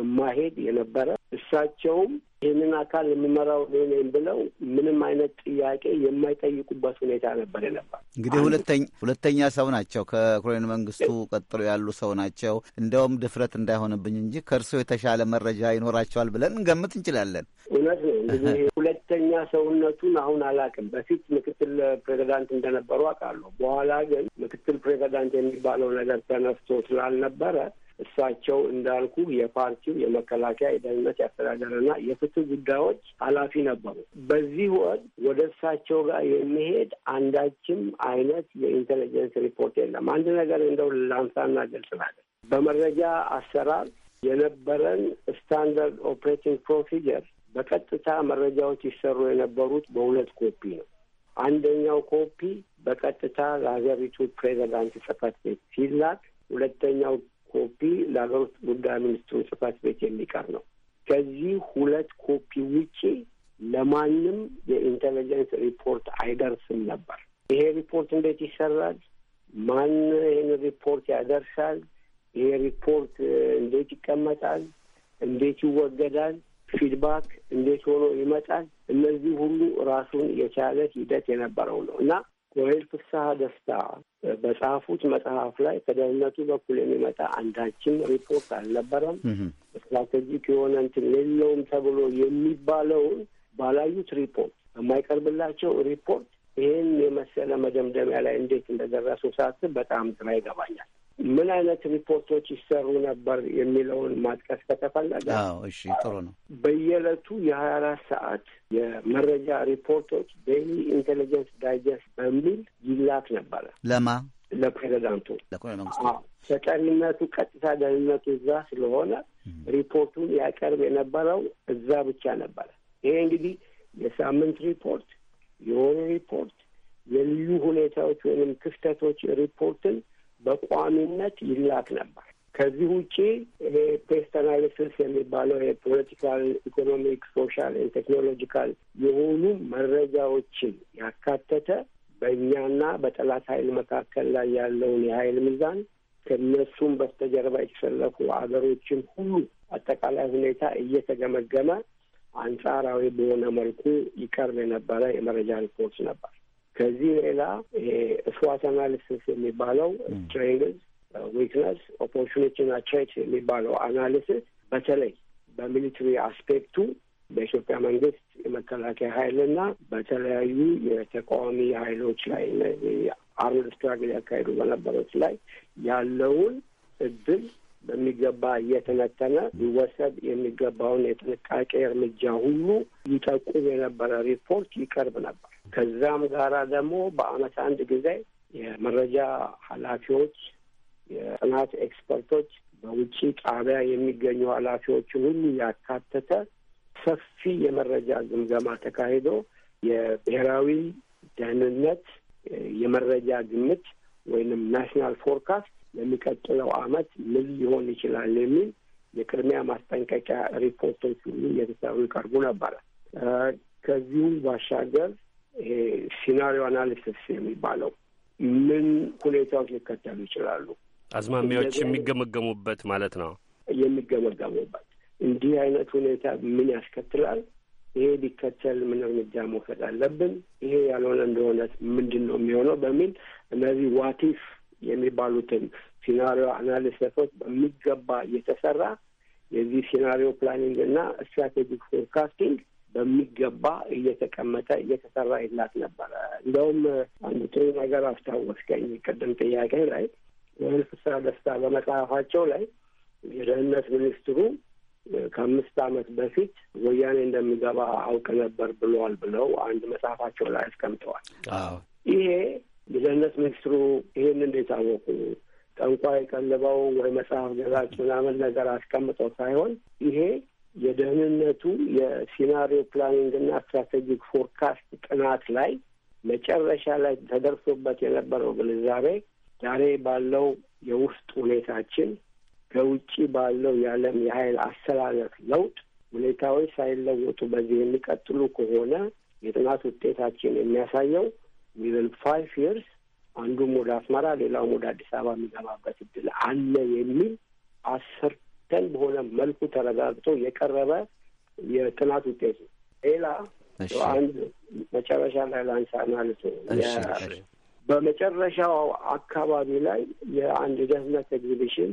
የማሄድ የነበረ እሳቸውም ይህንን አካል የሚመራው እኔ ብለው ምንም አይነት ጥያቄ የማይጠይቁበት ሁኔታ ነበር የነበር። እንግዲህ ሁለተኛ ሰው ናቸው፣ ከኮሎኔል መንግስቱ ቀጥሎ ያሉ ሰው ናቸው። እንደውም ድፍረት እንዳይሆንብኝ እንጂ ከእርስዎ የተሻለ መረጃ ይኖራቸዋል ብለን እንገምት እንችላለን። እውነት ነው። እንግዲህ ሁለተኛ ሰውነቱን አሁን አላውቅም። በፊት ምክትል ፕሬዚዳንት እንደነበሩ አውቃለሁ። በኋላ ግን ምክትል ፕሬዚዳንት የሚባለው ነገር ተነስቶ ስላልነበረ እሳቸው እንዳልኩ የፓርቲው የመከላከያ፣ የደህንነት፣ የአስተዳደርና የፍትህ ጉዳዮች ኃላፊ ነበሩ። በዚህ ወቅት ወደ እሳቸው ጋር የሚሄድ አንዳችም አይነት የኢንቴሊጀንስ ሪፖርት የለም። አንድ ነገር እንደው ላንሳና ግልጽ በመረጃ አሰራር የነበረን ስታንዳርድ ኦፕሬቲንግ ፕሮሲጀር በቀጥታ መረጃዎች ይሰሩ የነበሩት በሁለት ኮፒ ነው። አንደኛው ኮፒ በቀጥታ ለሀገሪቱ ፕሬዚዳንት ጽሕፈት ቤት ሲላክ፣ ሁለተኛው ኮፒ ለሀገር ውስጥ ጉዳይ ሚኒስትሩ ጽህፈት ቤት የሚቀር ነው። ከዚህ ሁለት ኮፒ ውጪ ለማንም የኢንቴሊጀንስ ሪፖርት አይደርስም ነበር። ይሄ ሪፖርት እንዴት ይሰራል? ማን ይህን ሪፖርት ያደርሳል? ይሄ ሪፖርት እንዴት ይቀመጣል? እንዴት ይወገዳል? ፊድባክ እንዴት ሆኖ ይመጣል? እነዚህ ሁሉ ራሱን የቻለ ሂደት የነበረው ነው እና ወይል ፍስሐ ደስታ በጻፉት መጽሐፍ ላይ ከደህንነቱ በኩል የሚመጣ አንዳችም ሪፖርት አልነበረም። ስትራቴጂክ የሆነ እንትን የለውም ተብሎ የሚባለውን ባላዩት ሪፖርት የማይቀርብላቸው ሪፖርት ይህን የመሰለ መደምደሚያ ላይ እንዴት እንደደረሱ ሳስብ በጣም ግራ ይገባኛል። ምን አይነት ሪፖርቶች ይሰሩ ነበር የሚለውን ማጥቀስ ከተፈለገ፣ እሺ፣ ጥሩ ነው። በየዕለቱ የሀያ አራት ሰዓት የመረጃ ሪፖርቶች ዴይሊ ኢንቴሊጀንስ ዳይጀስት በሚል ይላክ ነበረ። ለማ ለፕሬዚዳንቱ ተጠሪነቱ ቀጥታ ደህንነቱ እዛ ስለሆነ ሪፖርቱን ያቀርብ የነበረው እዛ ብቻ ነበረ። ይሄ እንግዲህ የሳምንት ሪፖርት፣ የወሩ ሪፖርት፣ የልዩ ሁኔታዎች ወይንም ክፍተቶች ሪፖርትን በቋሚነት ይላክ ነበር። ከዚህ ውጪ ይሄ ፔስት አናሊሲስ የሚባለው የፖለቲካል፣ ኢኮኖሚክ፣ ሶሻል ቴክኖሎጂካል የሆኑ መረጃዎችን ያካተተ በእኛና በጠላት ኃይል መካከል ላይ ያለውን የኃይል ሚዛን ከነሱም በስተጀርባ የተሰለፉ አገሮችን ሁሉ አጠቃላይ ሁኔታ እየተገመገመ አንጻራዊ በሆነ መልኩ ይቀርብ የነበረ የመረጃ ሪፖርት ነበር። ከዚህ ሌላ እስዋት አናሊሲስ የሚባለው ስትሬንግዝ ዊክነስ ኦፖርቹኒቲ ና ትሬት የሚባለው አናሊሲስ በተለይ በሚሊትሪ አስፔክቱ በኢትዮጵያ መንግስት የመከላከያ ኃይልና በተለያዩ የተቃዋሚ ሀይሎች ላይ አርምድ ስትራግል ያካሄዱ በነበሮች ላይ ያለውን እድል በሚገባ እየተነተነ ሊወሰድ የሚገባውን የጥንቃቄ እርምጃ ሁሉ ይጠቁም የነበረ ሪፖርት ይቀርብ ነበር። ከዛም ጋራ ደግሞ በአመት አንድ ጊዜ የመረጃ ኃላፊዎች፣ የጥናት ኤክስፐርቶች፣ በውጭ ጣቢያ የሚገኙ ኃላፊዎችን ሁሉ ያካተተ ሰፊ የመረጃ ግምገማ ተካሂዶ የብሔራዊ ደህንነት የመረጃ ግምት ወይንም ናሽናል ፎርካስት ለሚቀጥለው አመት ምን ሊሆን ይችላል የሚል የቅድሚያ ማስጠንቀቂያ ሪፖርቶች ሁሉ እየተሰሩ ይቀርቡ ነበረ። ከዚሁ ባሻገር ይሄ ሲናሪዮ አናሊሲስ የሚባለው ምን ሁኔታዎች ሊከተሉ ይችላሉ፣ አዝማሚያዎች የሚገመገሙበት ማለት ነው። የሚገመገሙበት እንዲህ አይነት ሁኔታ ምን ያስከትላል፣ ይሄ ሊከተል ምን እርምጃ መውሰድ አለብን፣ ይሄ ያልሆነ እንደሆነ ምንድን ነው የሚሆነው በሚል እነዚህ ዋቲፍ የሚባሉትን ሲናሪዮ አናሊሲሶች በሚገባ እየተሰራ የዚህ ሲናሪዮ ፕላኒንግ እና ስትራቴጂክ ፎርካስቲንግ በሚገባ እየተቀመጠ እየተሰራ ይላት ነበረ። እንደውም አንድ ጥሩ ነገር አስታወስከኝ ቅድም ጥያቄ ላይ ወይም ፍስሐ ደስታ በመጽሐፋቸው ላይ የደህንነት ሚኒስትሩ ከአምስት ዓመት በፊት ወያኔ እንደሚገባ አውቅ ነበር ብለዋል ብለው አንድ መጽሐፋቸው ላይ አስቀምጠዋል። ይሄ የደህንነት ሚኒስትሩ ይህን እንዴት አወቁ? ጠንቋይ ቀልበው ወይ መጽሐፍ ገዛጭ ምናምን ነገር አስቀምጠው ሳይሆን ይሄ የደህንነቱ የሲናሪዮ ፕላኒንግና ስትራቴጂክ ፎርካስት ጥናት ላይ መጨረሻ ላይ ተደርሶበት የነበረው ግንዛቤ ዛሬ ባለው የውስጥ ሁኔታችን ከውጭ ባለው የዓለም የኃይል አሰላለፍ ለውጥ ሁኔታዎች ሳይለወጡ በዚህ የሚቀጥሉ ከሆነ የጥናት ውጤታችን የሚያሳየው ዊዝን ፋይቭ ይርስ አንዱም ወደ አስመራ ሌላውም ወደ አዲስ አበባ የሚገባበት እድል አለ የሚል አስር ገለልተኛ በሆነ መልኩ ተረጋግጦ የቀረበ የጥናት ውጤት ነው። ሌላ አንድ መጨረሻ ላይ ላንሳ ማለት በመጨረሻው አካባቢ ላይ የአንድ ደህንነት ኤግዚቢሽን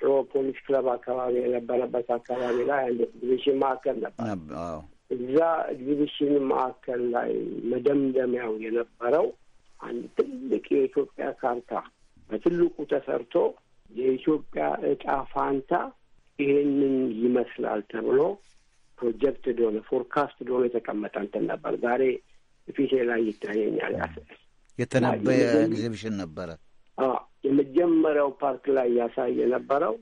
ድሮ ፖሊስ ክለብ አካባቢ የነበረበት አካባቢ ላይ አንድ ኤግዚቢሽን ማዕከል ነበር። እዛ ኤግዚቢሽን ማዕከል ላይ መደምደሚያው የነበረው አንድ ትልቅ የኢትዮጵያ ካርታ በትልቁ ተሰርቶ የኢትዮጵያ እጣ ፋንታ ይሄንን ይመስላል ተብሎ ፕሮጀክት ደሆነ ፎርካስት ደሆነ የተቀመጠ እንትን ነበር። ዛሬ ፊቴ ላይ ይታየኛል። የተነበየ ኤግዚቢሽን ነበረ። የመጀመሪያው ፓርክ ላይ ያሳይ የነበረው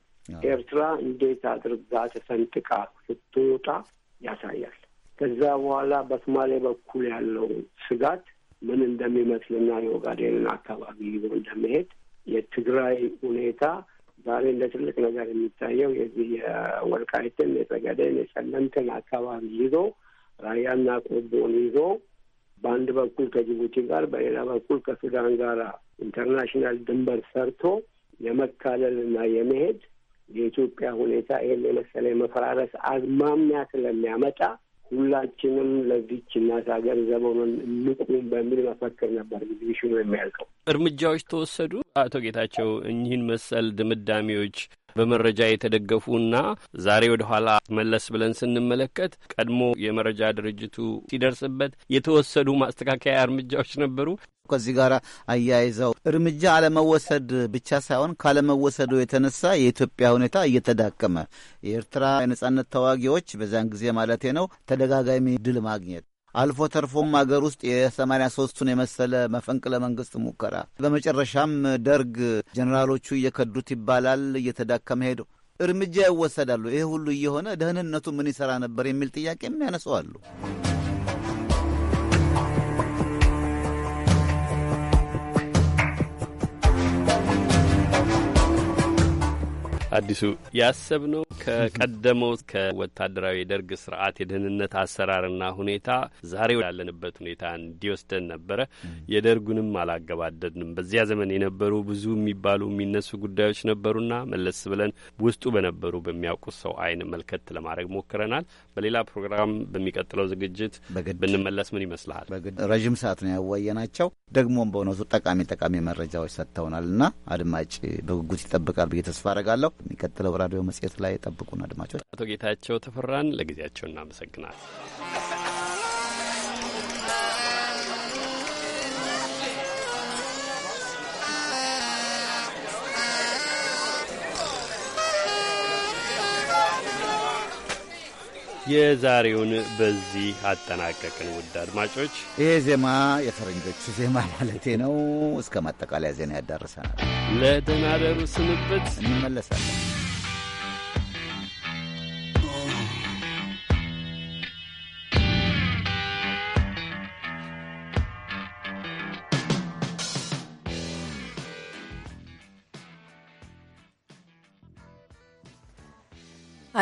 ኤርትራ እንዴት አድርጋ ተሰንጥቃ ስትወጣ ያሳያል። ከዛ በኋላ በሶማሌ በኩል ያለው ስጋት ምን እንደሚመስልና የኦጋዴንን አካባቢ ይዞ እንደመሄድ የትግራይ ሁኔታ ዛሬ እንደ ትልቅ ነገር የሚታየው የዚህ የወልቃይትን፣ የጸገደን፣ የጸለምትን አካባቢ ይዞ ራያና ቆቦን ይዞ በአንድ በኩል ከጅቡቲ ጋር በሌላ በኩል ከሱዳን ጋር ኢንተርናሽናል ድንበር ሰርቶ የመካለልና የመሄድ የኢትዮጵያ ሁኔታ ይህን የመሰለ የመፈራረስ አዝማሚያ ስለሚያመጣ ሁላችንም ለዚች እናት ሀገር ዘመኑን ንቁም በሚል መፈክር ነበር ኤግዚቢሽኑ የሚያልቀው። እርምጃዎች ተወሰዱ። አቶ ጌታቸው፣ እኚህን መሰል ድምዳሜዎች በመረጃ የተደገፉና ዛሬ ወደ ኋላ መለስ ብለን ስንመለከት ቀድሞ የመረጃ ድርጅቱ ሲደርስበት የተወሰዱ ማስተካከያ እርምጃዎች ነበሩ። ከዚህ ጋር አያይዘው እርምጃ አለመወሰድ ብቻ ሳይሆን ካለመወሰዱ የተነሳ የኢትዮጵያ ሁኔታ እየተዳከመ የኤርትራ የነጻነት ተዋጊዎች በዚያን ጊዜ ማለቴ ነው ተደጋጋሚ ድል ማግኘት አልፎ ተርፎም አገር ውስጥ የሰማንያ ሶስቱን የመሰለ መፈንቅለ መንግስት ሙከራ በመጨረሻም ደርግ ጀኔራሎቹ እየከዱት ይባላል እየተዳከመ ሄደው እርምጃ ይወሰዳሉ። ይሄ ሁሉ እየሆነ ደህንነቱ ምን ይሰራ ነበር የሚል ጥያቄም ያነሰዋሉ። አዲሱ ያሰብነው ከቀደመው ከወታደራዊ የደርግ ስርዓት የደህንነት አሰራርና ሁኔታ ዛሬ ያለንበት ሁኔታ እንዲወስደን ነበረ። የደርጉንም አላገባደድንም። በዚያ ዘመን የነበሩ ብዙ የሚባሉ የሚነሱ ጉዳዮች ነበሩና መለስ ብለን ውስጡ በነበሩ በሚያውቁት ሰው አይን መልከት ለማድረግ ሞክረናል። በሌላ ፕሮግራም በሚቀጥለው ዝግጅት ብንመለስ ምን ይመስልሃል? ረዥም ሰዓት ነው ናቸው። ደግሞም በእውነቱ ጠቃሚ ጠቃሚ መረጃዎች ሰጥተውናል እና አድማጭ በጉጉት ይጠብቃል ብዬ ተስፋ አረጋለሁ። የሚቀጥለው ራዲዮ መጽሔት ላይ ጠብቁን አድማጮች። አቶ ጌታቸው ተፈራን ለጊዜያቸው እናመሰግናል። የዛሬውን በዚህ አጠናቀቅን። ውድ አድማጮች፣ ይሄ ዜማ የፈረንጆቹ ዜማ ማለቴ ነው። እስከ ማጠቃለያ ዜና ያዳርሰናል። ለደናደሩ ስንብት እንመለሳለን።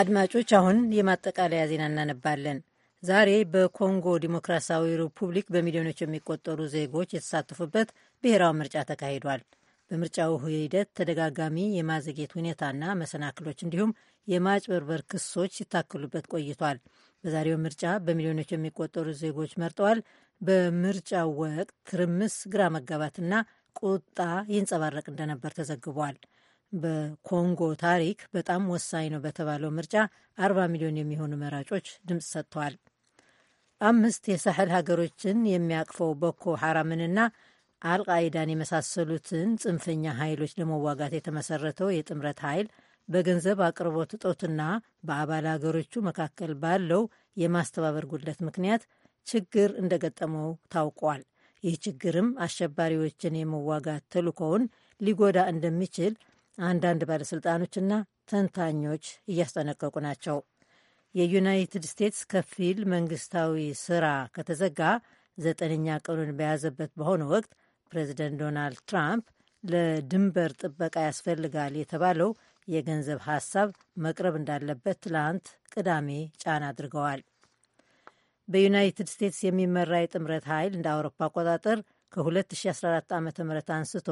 አድማጮች፣ አሁን የማጠቃለያ ዜና እናነባለን። ዛሬ በኮንጎ ዲሞክራሲያዊ ሪፑብሊክ በሚሊዮኖች የሚቆጠሩ ዜጎች የተሳተፉበት ብሔራዊ ምርጫ ተካሂዷል። በምርጫው ሂደት ተደጋጋሚ የማዘግየት ሁኔታና መሰናክሎች እንዲሁም የማጭበርበር ክሶች ሲታከሉበት ቆይቷል። በዛሬው ምርጫ በሚሊዮኖች የሚቆጠሩ ዜጎች መርጠዋል። በምርጫው ወቅት ትርምስ፣ ግራ መጋባትና ቁጣ ይንጸባረቅ እንደነበር ተዘግቧል። በኮንጎ ታሪክ በጣም ወሳኝ ነው በተባለው ምርጫ 40 ሚሊዮን የሚሆኑ መራጮች ድምፅ ሰጥተዋል። አምስት የሳሕል ሀገሮችን የሚያቅፈው ቦኮ ሐራምንና አልቃይዳን የመሳሰሉትን ጽንፈኛ ኃይሎች ለመዋጋት የተመሰረተው የጥምረት ኃይል በገንዘብ አቅርቦት እጦትና በአባል ሀገሮቹ መካከል ባለው የማስተባበር ጉድለት ምክንያት ችግር እንደገጠመው ታውቋል። ይህ ችግርም አሸባሪዎችን የመዋጋት ተልእኮውን ሊጎዳ እንደሚችል አንዳንድ ባለሥልጣኖችና ተንታኞች እያስጠነቀቁ ናቸው። የዩናይትድ ስቴትስ ከፊል መንግስታዊ ስራ ከተዘጋ ዘጠነኛ ቀኑን በያዘበት በሆነ ወቅት ፕሬዚደንት ዶናልድ ትራምፕ ለድንበር ጥበቃ ያስፈልጋል የተባለው የገንዘብ ሀሳብ መቅረብ እንዳለበት ትላንት ቅዳሜ ጫና አድርገዋል። በዩናይትድ ስቴትስ የሚመራ የጥምረት ኃይል እንደ አውሮፓ አቆጣጠር ከ2014 ዓ ም አንስቶ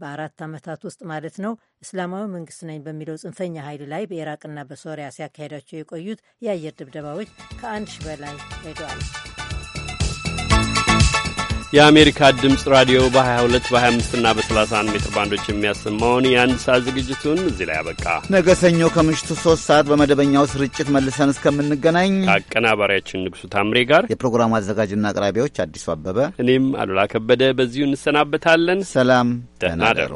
በአራት ዓመታት ውስጥ ማለት ነው እስላማዊ መንግስት ነኝ በሚለው ጽንፈኛ ኃይል ላይ በኢራቅና በሶሪያ ሲያካሄዳቸው የቆዩት የአየር ድብደባዎች ከአንድ ሺህ በላይ ሄደዋል። የአሜሪካ ድምፅ ራዲዮ በ22 በ25 እና በ31 ሜትር ባንዶች የሚያሰማውን የአንድ ሰዓት ዝግጅቱን እዚህ ላይ ያበቃ። ነገ ሰኞ ከምሽቱ ሶስት ሰዓት በመደበኛው ስርጭት መልሰን እስከምንገናኝ ከአቀናባሪያችን ንጉሱ ታምሬ ጋር የፕሮግራሙ አዘጋጅና አቅራቢዎች አዲሱ አበበ፣ እኔም አሉላ ከበደ በዚሁ እንሰናበታለን። ሰላም፣ ደህና ደሩ።